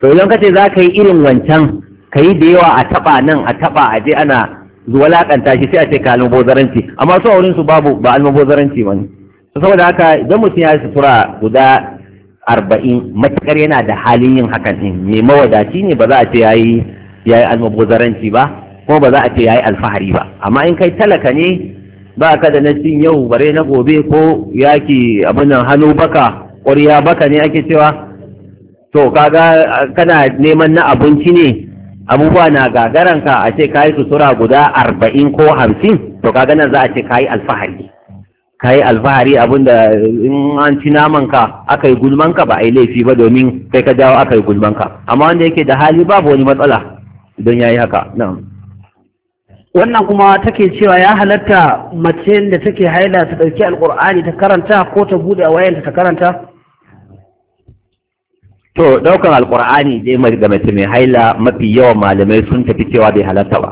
to idan ce za ka yi irin wancan ka yi da yawa a taɓa nan a taɓa a je ana laƙanta shi sai a ce ka almubozaranci amma su a su babu ba almubozaranci ba ne saboda haka idan mutum ya sutura guda arba'in matuƙar yana da halin yin hakan ɗin mai mawadaci ne ba za a ce ya yi ya yi almubozaranci ba kuma ba za a ce ya yi alfahari ba amma in kai talaka ne ba ka da cin yau bare na gobe ko yaki abin nan hannu baka ƙwarya baka ne ake cewa to kaga kana neman na abinci ne abubuwa na gagaranka a ce kayi sutura guda arba'in ko hamsin to kaga nan za a ce kayi alfahari kayi alfahari abinda in an ci namanka aka yi gulmanka ba a yi laifi ba domin kai ka dawo aka yi gulmanka amma wanda yake da hali babu wani matsala don yi haka wannan kuma take cewa ya halatta mace da take haila ta ɗauki alƙur'ani ta karanta ko ta buɗe wayanta ta karanta to daukan alkur'ani dai ga mace mai haila mafi yawan malamai sun tafi cewa bai halarta ba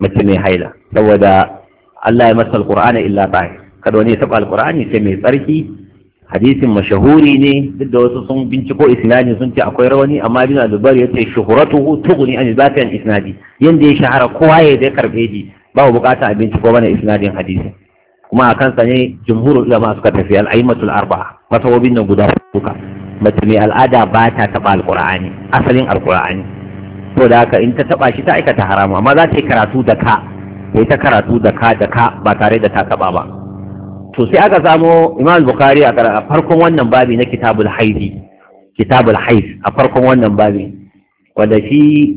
mace mai haila saboda Allah ya masa alkur'ani illa ɗaya. kada wani ya taba alkur'ani sai mai tsarki hadisin mashahuri ne duk da wasu sun binciko isnadi sun ce akwai rawani amma bin al-bari yace shuhratuhu tughni an zakan isnadi yanda ya shahara kowa ya da karbe shi babu bukata a binciko mana isnadin hadisi kuma a kansa ne jumhurul ulama suka tafi al-aimatul arba'a masawabin nan guda uku mace mai al'ada ba ta taɓa alƙur'ani asalin alƙur'ani to da haka in ta taɓa shi ta aikata haramu amma za ta yi karatu da ka ta ta karatu da ka da ka ba tare da ta taɓa ba to sai aka samo imam bukhari a farkon wannan babi na kitabul haizi kitabul haiz a farkon wannan babi wanda shi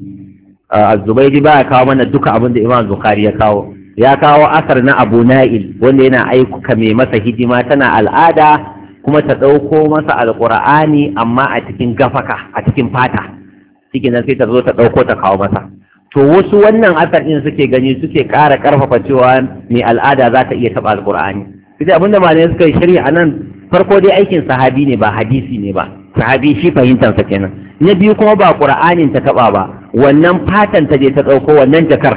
azubairi ba ya kawo mana duka abin da imam bukari ya kawo ya kawo asar na abu na'il wanda yana aikuka mai masa hidima tana al'ada kuma ta ɗauko masa alƙur'ani amma a cikin gafaka a cikin fata cikin nan sai ta zo ta ɗauko ta kawo masa to wasu wannan asar ɗin suke gani suke ƙara ƙarfafa cewa mai al'ada za ta iya taɓa alƙur'ani sai abinda da malamai suka yi shari'a nan farko dai aikin sahabi ne ba hadisi ne ba sahabi shi fahimtansa kenan na biyu kuma ba ƙur'anin ta taɓa ba wannan fatan ta je ta ɗauko wannan jakar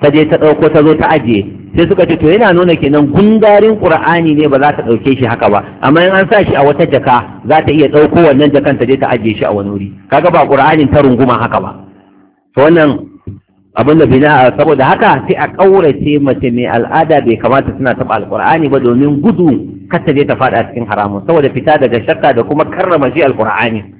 ta je ta ɗauko ta zo ta ajiye sai suka ce to yana nuna kenan gundarin qur'ani ne ba za ta ɗauke shi haka ba amma in an sa shi a wata jaka za ta iya ɗauko wannan jakan ta je ta ajiye shi a wani wuri kaga ba qur'anin ta runguma haka ba to wannan abin da bina saboda haka sai a ƙaurace mace mai al'ada bai kamata suna taɓa alƙur'ani ba domin gudu kar ta je ta faɗa cikin haramun saboda fita daga shakka da kuma karrama shi alƙur'ani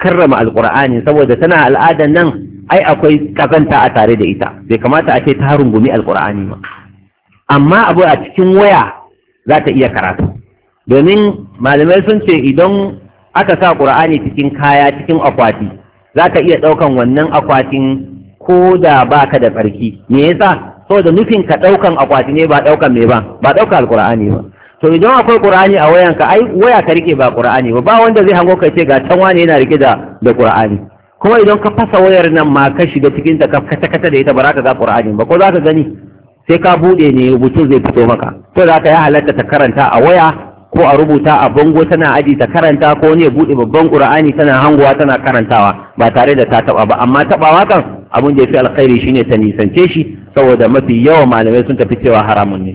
karrama alqur'ani saboda tana al'adan nan ai akwai kazanta a tare da ita bai kamata a ce ta rungumi alqur'ani ba amma abu a cikin waya za ta iya karatu domin malamai sun ce idan aka sa qur'ani cikin kaya cikin akwati za ka iya ɗaukan wannan akwatin ko da ba ka da tsarki me yasa saboda nufin ka ɗaukan akwati ne ba ɗaukan me ba ba ɗaukan alqur'ani ba to idan akwai qur'ani a wayanka ai waya ka rike ba qur'ani ba ba wanda zai hango kai ce ga can wani yana rike da da qur'ani kuma idan ka fasa wayar nan ma ka shiga cikin ta ka kata kata da ita ba ka ga qur'ani ba ko za ka gani sai ka bude ne rubutu zai fito maka to za ka yi halatta ta karanta a waya ko a rubuta a bango tana aji ta karanta ko ne bude babban qur'ani tana hangowa tana karantawa ba tare da ta taba ba amma tabawa kan abin da ya fi alkhairi shine ta nisance shi saboda mafi yawan malamai sun tafi cewa haramun ne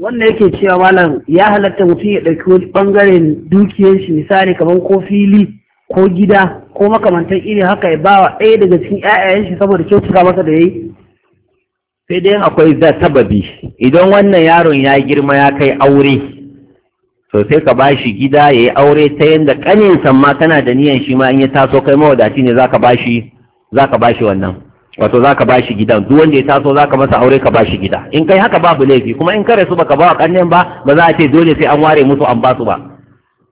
wannan yake cewa malam ya halatta mutum ya ɗauki wani ɓangaren dukiyar shi misali kamar ko fili ko gida ko makamantan iri haka ya bawa ɗaya daga cikin ƴaƴayen shi saboda kyautuka masa da yayi sai dai akwai za sababi idan wannan yaron ya girma ya kai aure to sai ka bashi gida ya yi aure ta yadda ƙanin ma kana da niyan shi ma in ya taso kai mawadaci ne za ka zaka bashi wannan wato za ka ba shi gidan duk wanda ya taso za ka masa aure ka ba shi gida in kai haka babu laifi kuma in kare su baka ba wa kannen ba ba za a ce dole sai an ware musu an ba su ba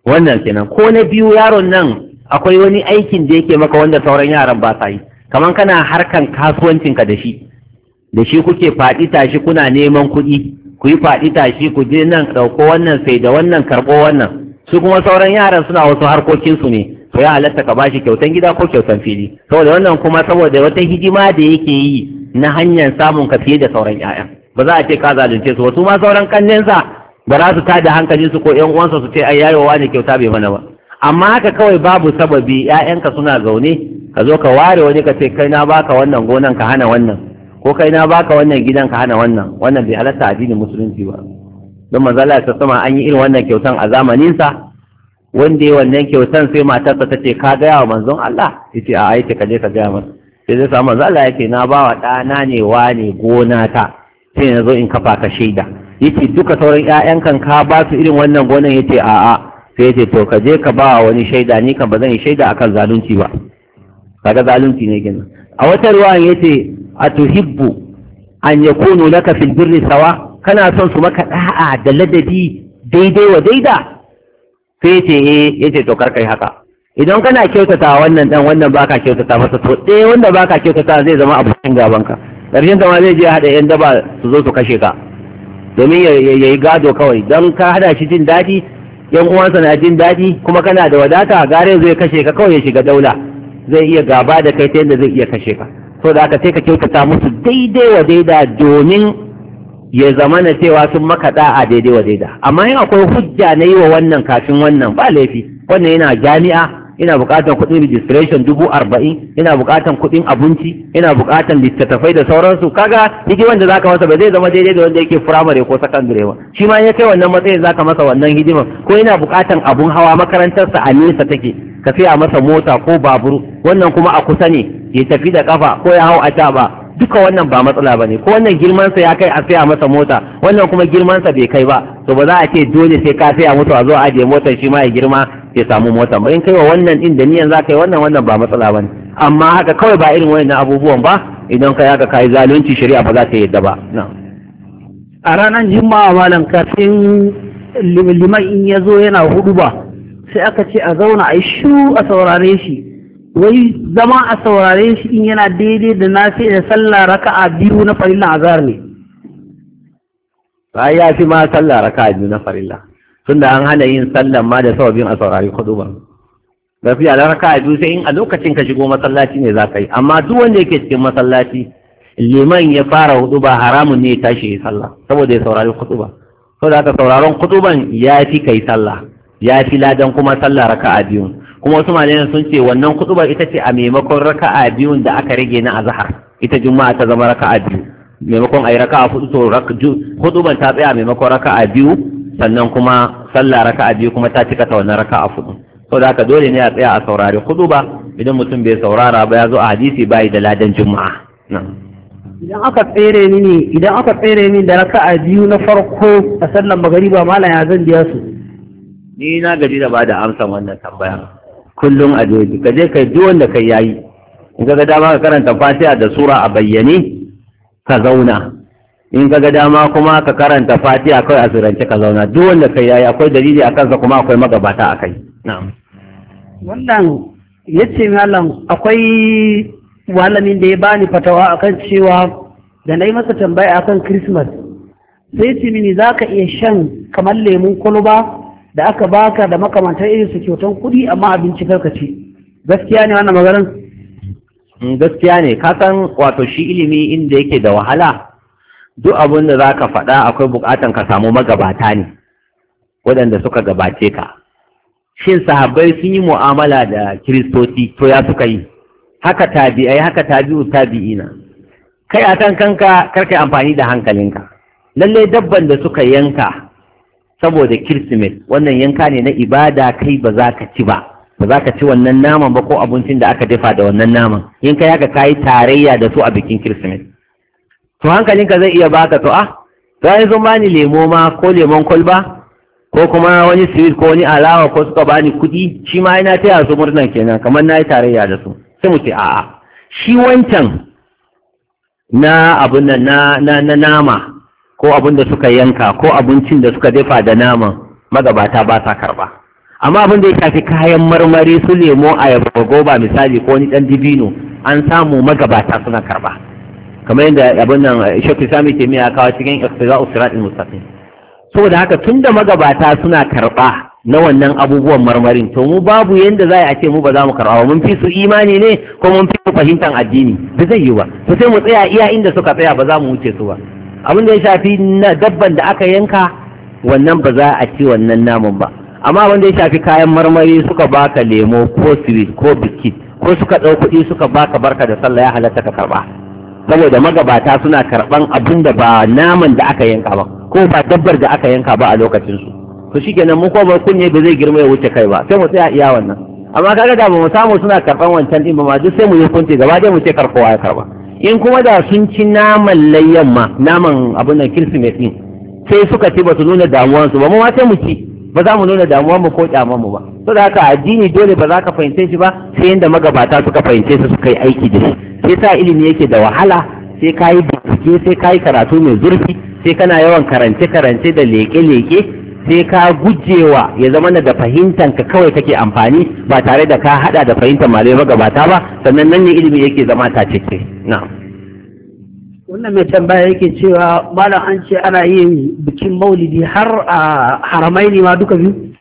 wannan kenan ko na biyu yaron nan akwai wani aikin da yake maka wanda sauran yaran ba sa yi kamar kana harkan kasuwancinka da shi da shi kuke faɗi tashi kuna neman kuɗi ku yi faɗi tashi ku je nan ɗauko wannan sai da wannan karɓo wannan su kuma sauran yaran suna wasu harkokinsu ne to ya halatta ka bashi kyautan gida ko kyautan fili saboda wannan kuma saboda wata hidima da yake yi na hanyar samun ka fiye da sauran ƴaƴan ba za a ce ka zalunce su wasu ma sauran kannensa ba za su tada hankali su ko ƴan uwansa su ce ai yayowa wani kyauta bai mana ba amma haka kawai babu sababi 'ya'yanka suna zaune ka zo ka ware wani ka ce kai na baka wannan gonan ka hana wannan ko kai na baka wannan gidan ka hana wannan wannan bai halatta addinin musulunci ba don manzala ta sama an yi irin wannan kyautan a zamaninsa wanda ya wannan kyautan sai matarsa ta ce ka gaya wa manzon Allah ya ce a aiki ka je ka gaya masa sai zai samu manzon Allah ya ce na ba wa ɗana ne wane gona ta sai na zo in kafa ka shaida ya ce duka sauran ƴaƴan kan ka ba su irin wannan gonan ya ce a'a sai ya ce to ka je ka ba wani shaida ni kan ba zan yi shaida akan zalunci ba kaga zalunci ne kenan a wata ruwan ya ce a tuhibbu an yakunu laka fil birri sawa kana son su maka da'a da ladabi daidai wa daida sai ce yace to karkai kai haka idan kana kyautata wannan dan wannan baka kyautata masa to eh wanda baka kyautata zai zama abokin gaban ka karshen ta zai je hada yan daba su zo su kashe ka domin ya yi gado kawai don ka hada shi jin daɗi yan uwansa na jin daɗi kuma kana da wadata gare zai kashe ka kawai ya shiga daula zai iya gaba da kai ta yadda zai iya kashe ka so da aka sai ka kyautata musu daidai wa daida domin ya zama na cewa sun maka da'a daidai wa daida amma in akwai hujja na yi wa wannan kafin wannan ba laifi wannan yana jami'a ina bukatan kuɗin registration dubu arba'in ina bukatan kuɗin abinci ina bukatan littattafai da sauransu kaga hidiman da zaka masa ba zai zama daidai da wanda yake firamare ko sakandare ba shi ma ya kai wannan matsayin zaka masa wannan hidiman ko ina bukatan abun hawa makarantar sa a nesa take ka siya masa mota ko babur wannan kuma a kusa ne ya tafi da kafa ko ya hau a ba duka wannan ba matsala bane ko wannan girmansa ya kai a saya masa mota wannan kuma girmansa bai kai ba to ba za a ce dole sai ka saya mutu a zo a ajiye motar shi ma ya girma ya samu mota ba in kai wa wannan din da niyan za ka yi wannan wannan ba matsala bane amma haka kawai ba irin wannan abubuwan ba idan ka haka yi zalunci shari'a ba za ta yadda ba a ranar juma'a malam kafin liman in ya zo yana hudu ba sai aka ce a zauna a yi shu a saurare shi wai zama a saurare shi in yana daidai da na sai da sallah a biyu na farilla azhar ne bayan ya fi ma sallah a biyu na farilla tunda an hana yin sallan ma da sababin a saurari kudu ba gaskiya da a biyu sai in a lokacin ka shigo masallaci ne za ka yi amma duk wanda yake cikin masallaci liman ya fara hudu ba haramun ne ya tashi ya sallah saboda ya saurari kudu ba saboda haka sauraron kudu ban ya fi kai sallah ya fi ladan kuma sallah a biyu kuma wasu malaman sun ce wannan kutubar ita ce a maimakon raka'a biyun da aka rage na azhar ita juma'a ta zama raka'a biyu maimakon ayi raka'a hudu to kutubar ta tsaya maimakon raka'a biyu sannan kuma sallah raka'a biyu kuma ta cika ta wannan raka'a hudu to da haka dole ne a tsaya a saurari kutuba idan mutum bai saurara ba ya zo a hadisi bai da ladan juma'a idan aka tsere ni ne idan aka tsere ni da raka'a biyu na farko a sallan magariba malam ya zan biya su ni na gaji da ba da amsa wannan tambaya kullum a jeji ka je kai duk wanda kai yayi in ka ga dama ka karanta fatiha da sura a bayyane ka zauna in ka ga dama kuma ka karanta fatiha kai a surance ka zauna duk wanda kai yayi akwai dalili a kansa kuma akwai magabata a kai na'am wannan yace malam akwai malamin da ya bani fatawa akan cewa da na yi masa tambaya akan Christmas sai ce mini za ka iya shan kamar lemun kwalba da aka baka da makamantar irin su kyautan kuɗi amma abinci karkaci gaskiya ne wannan maganar mm, gaskiya ne ka san wato shi ilimi inda yake da wahala duk abin da za ka faɗa akwai bukatan ka samu magabata ne waɗanda suka gabace ka shin sahabbai sun yi mu'amala da kiristoci to ya suka yi haka tabi'ai haka tabi'u tabi'ina kai a kan kanka karka amfani da hankalinka lallai dabban da suka yanka saboda kirsimet wannan yanka ne na ibada kai ba za ka ci ba ba za ka ci wannan naman ba ko abincin da aka dafa da wannan naman in ka yaka kayi tarayya da su a bikin kirsimet to ka zai iya baka to ah to ai zo bani lemo ma ko lemon kwalba ko kuma wani sweet ko wani alawa ko suka bani kuɗi shi ma ina taya su murnan kenan kamar nayi yi tarayya da su sai mu ce a'a shi wancan na abun nan na nama ko abin da suka yanka ko abincin da suka jefa da naman magabata ba sa karba amma abin da ya shafi kayan marmari su lemo a ba misali ko wani dan dibino an samu magabata suna karba kamar yadda abin nan eh, shafi sami ke miya kawo cikin ikhtiza usratil mustaqim saboda haka tunda magabata suna karba na wannan abubuwan marmarin to mu babu yadda za a ce mu ba za mu karɓa mun fi su imani ne ko mun fi su fahimtar addini ba zai yi ba sosai sai mu tsaya iya inda suka tsaya ba za mu wuce su ba abin da ya shafi na dabban da aka yanka wannan ba za a ci wannan naman ba amma abin da ya shafi kayan marmari suka baka lemo ko siwit ko biskit ko suka ɗau kuɗi suka baka barka da sallah ya halatta ka karɓa saboda magabata suna karɓan abin da ba naman da aka yanka ba ko ba dabbar da aka yanka ba a lokacinsu to shikenan mun kuma kunne ba zai girma ya wuce kai ba sai mu tsaya iya wannan amma kaga da ba mu samu suna karɓan wancan ɗin ba ma duk sai mu yi kunce gaba dai mu ce karkowa ya karɓa in kuma da sun ci naman layyan ma naman abin da kirsimet din sai suka ce ba su nuna damuwansu ba mu mu ci ba za mu nuna damuwan mu ko kyaman mu ba to da haka addini dole ba za ka fahimce shi ba sai inda magabata suka fahimce su suka yi aiki da shi sai sa ilimi yake da wahala sai ka yi bincike sai ka yi karatu mai zurfi sai kana yawan karance karance da leke leke sai ka gujewa ya zama na da fahimtan ka kawai kake amfani ba tare da ka hada da fahimtar malamai gabata ba sannan nan ne ilimi yake zama ta cike na wannan mai tambaya yake cewa malam an ce ana yin bikin maulidi har a haramai ne ma duka biyu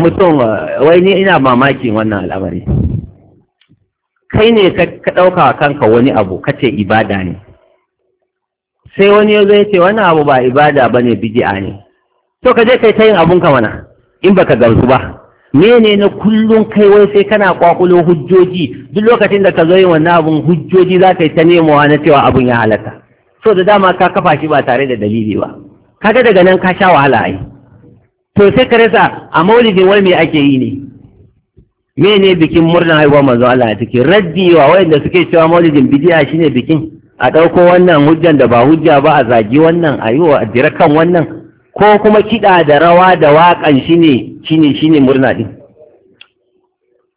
mutum wai ni ina mamakin wannan al'amari kai ne ka ɗauka kanka wani abu kace ibada ne sai wani ya zai ce wani abu ba ibada ba ne bidi'a ne to ka je kai ta yin abunka mana in baka gamsu ba mene na kullum kai wai sai kana kwakulo hujjoji duk lokacin da ka zo yin wannan abun hujjoji za ka yi ta nemowa na cewa abun ya halatta so da dama ka kafa shi ba tare da dalili ba kaga daga nan ka sha wahala ai to sai ka rasa a maulidin wai me ake yi ne mene bikin murnar haihuwar manzo Allah ya take raddi wa wayanda suke cewa maulidin bidiya shine bikin a ɗauko wannan hujjan da ba hujja ba a zagi wannan a yi wa a kan wannan ko kuma kiɗa da rawa da waƙan shi ne shi ne murna ɗin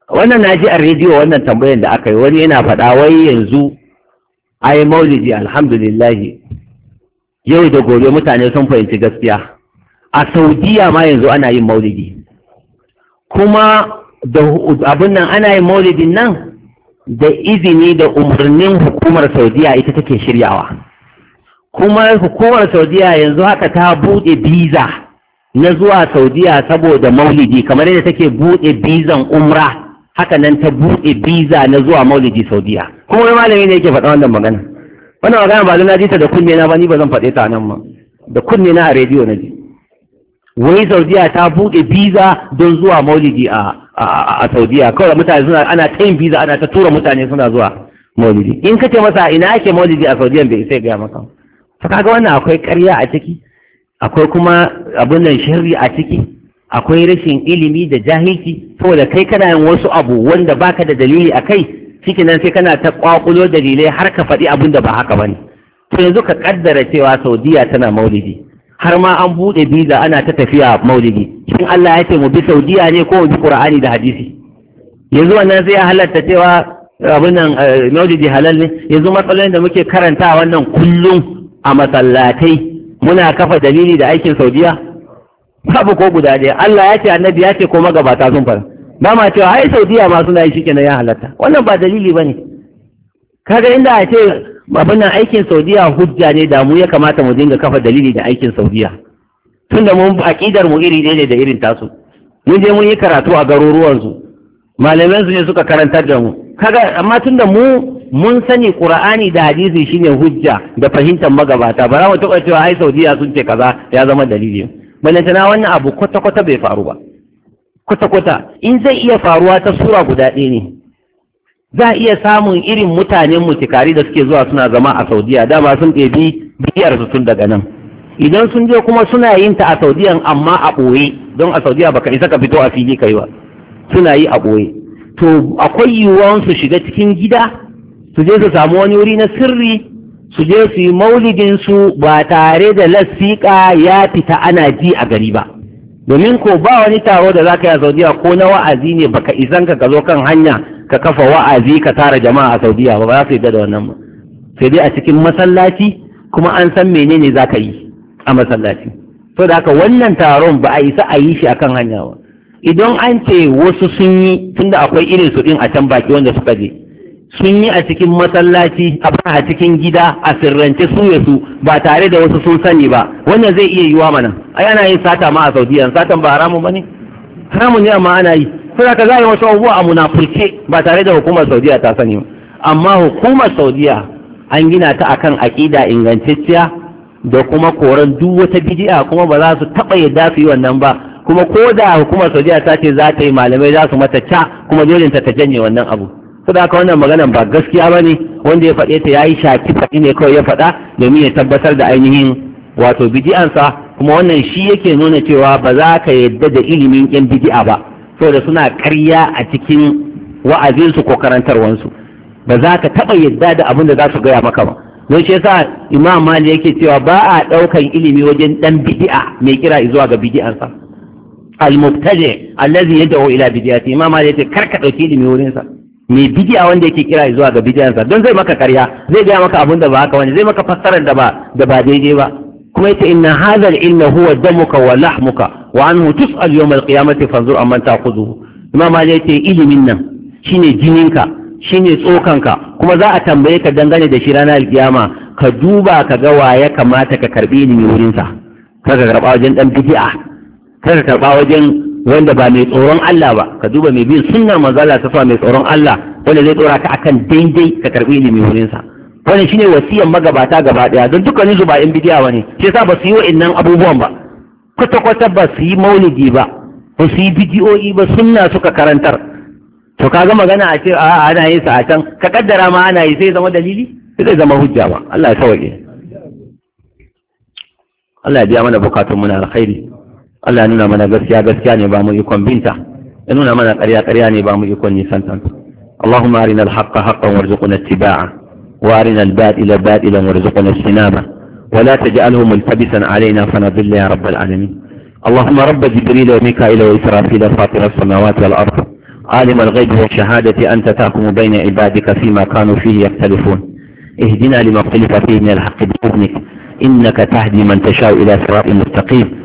wannan na ji a rediyo wannan tambayan da aka yi wani yana faɗa wai yanzu a yi maulidi alhamdulillah yau da gobe mutane sun fahimci gaskiya a saudiya ma yanzu ana yin maulidi kuma da abin nan ana yin maulidin nan da izini da umarnin hukumar saudiya ita take shiryawa kuma hukumar saudiya yanzu haka ta buɗe biza na zuwa saudiya saboda maulidi kamar yadda take buɗe bizan umra haka nan ta buɗe biza na zuwa maulidi saudiya kuma wani malami ne yake faɗa wannan magana wannan magana ba na ji ta da kunne na ba ni ba zan faɗe ta nan ma, da kunne na a rediyo na ji wai saudiya ta buɗe biza don zuwa maulidi a a saudiya kawai mutane suna ana ta yin biza ana ta tura mutane suna zuwa maulidi in ce masa ina ake maulidi a saudiya bai sai gaya maka ba kaga wannan akwai ƙarya a ciki akwai kuma abin nan sharri a ciki akwai rashin ilimi da jahilci saboda kai kana yin wasu abu wanda baka da dalili a kai ciki nan sai kana ta kwakulo dalilai har ka faɗi abin da ba haka ba ne to yanzu ka kaddara cewa saudiya tana maulidi har ma an buɗe biza ana ta tafiya maulidi shin Allah ya ce mu bi saudiya ne ko mu bi qur'ani da hadisi yanzu wannan ya halatta cewa abin nan eh, maulidi halal ne yanzu matsalolin da muke karanta wannan kullum a masallatai muna kafa dalili da aikin saudiya babu ko guda ɗaya Allah ya ce annabi ya ce ko magabata sun fara ba ma cewa ai saudiya ma suna yi shi kenan ya halatta wannan ba dalili ba ne kaga inda a ce abin nan aikin saudiya hujja ne da mu ya kamata mu dinga kafa dalili da aikin saudiya tunda mun aƙidar mu iri ɗaya ne da irin tasu mun je mun yi karatu a garuruwansu malaman ne suka karantar da mu kaga amma tunda mu mun sani qur'ani da hadisi shine hujja da fahimtar magabata ba za mu taɓa cewa ai saudiya sun ce kaza ya zama dalili balantana wannan abu kwata kwata bai faru ba kwata kwata in zai iya faruwa ta sura guda ɗaya ne za a iya samun irin mutanen mutikari da suke zuwa suna zama a saudiya dama sun ɗebi biyar su tun daga nan idan sun je kuma suna yin ta a saudiyan amma a ɓoye don a saudiya baka isa ka fito a fili kai ba suna yi a ɓoye to akwai yiwuwan su shiga cikin gida su je su samu wani wuri na sirri su je su yi maulidin su ba tare da lasiƙa ya fita ana ji a gari ba domin ko ba wani taro da zaka yi a Saudiya ko na wa'azi ne baka isan ka ka zo kan hanya ka kafa wa'azi ka tara jama'a a Saudiya ba za su yi da wannan ba sai dai a cikin masallaci kuma an san menene zaka yi a masallaci to da haka wannan taron ba a isa a yi shi akan hanya ba idan an ce wasu sun yi tunda akwai irin su din a can baki wanda suka je sun yi a cikin masallaci a a cikin gida a sirrance su ya su ba tare da wasu sun sani ba wannan zai iya yiwa mana ai ana yin sata ma a saudiya satan ba haramun ba ne haramun ne amma ana yi kuma ka zai wasu abubuwa a munafurce ba tare da hukumar saudiya ta sani amma hukumar saudiya an gina ta akan aƙida ingantacciya da kuma koran duk wata bidi'a kuma ba za su taɓa yadda su yi wannan ba kuma ko da hukumar saudiya ta ce za ta yi malamai za su mata ca kuma dole ta janye wannan abu saboda haka wannan maganar ba gaskiya bane wanda ya faɗe ta yayi shaki faɗi ne kawai ya faɗa domin ya tabbatar da ainihin wato bidi'ansa kuma wannan shi yake nuna cewa ba za ka yadda da ilimin yan bidi'a ba saboda suna karya a cikin wa'azinsu ko karantarwansu ba za ka taɓa yadda da abin da za su gaya maka ba don shi yasa imam mali yake cewa ba a ɗaukan ilimi wajen ɗan bidi'a mai kira zuwa ga bidi'ansa al allazi yadahu ila bidiyati ma ma yace kar ka ilimi wurin sa me bidiya wanda yake kira zuwa ga sa don zai maka karya zai ga maka abin da ba haka wani zai maka fassarar da ba da ba daidai ba kuma yace inna hadha al huwa damuka wa lahmuka wa anhu tus'al yawm alqiyamati fanzur amman ta'khudhu imam ma yace ilimin nan shine jininka shine tsokan ka, kuma za a tambaye ka dangane da shi ranar alkiyama ka duba ka ga waye kamata ka karbi ilimi wurinsa kaga Garba wajen dan bidiya kada taɓa wajen wanda ba mai tsoron Allah ba ka duba mai bin sunnar manzo Allah ta mai tsoron Allah wanda zai tsora ka akan daidai ka karɓi ilimi wurin sa wannan shine wasiyar magabata gaba daya don duka su ba in bidiya bane shi yasa ba su yi wa'annan abubuwan ba kwata kwata ba su yi maulidi ba ba su yi bidiyoyi ba sunna suka karantar to ka ga magana a ce a ana yin sa a can ka kaddara ma ana yi sai zama dalili sai zama hujja ba Allah ya sauke Allah ya biya mana bukatun muna alkhairi Allah ya nuna mana gaskiya gaskiya ne ba mu ikon binta ya nuna mana ƙarya ƙarya اللهم أرنا الحق حقا وارزقنا اتباعه وأرنا الباطل باطلا وارزقنا اجتنابه ولا تجعله ملتبسا علينا فنضل يا رب العالمين اللهم رب جبريل وميكائيل وإسرافيل فاطر السماوات والأرض عالم الغيب والشهادة أنت تحكم بين عبادك فيما كانوا فيه يختلفون اهدنا لما اختلف فيه من الحق بإذنك إنك تهدي من تشاء إلى صراط مستقيم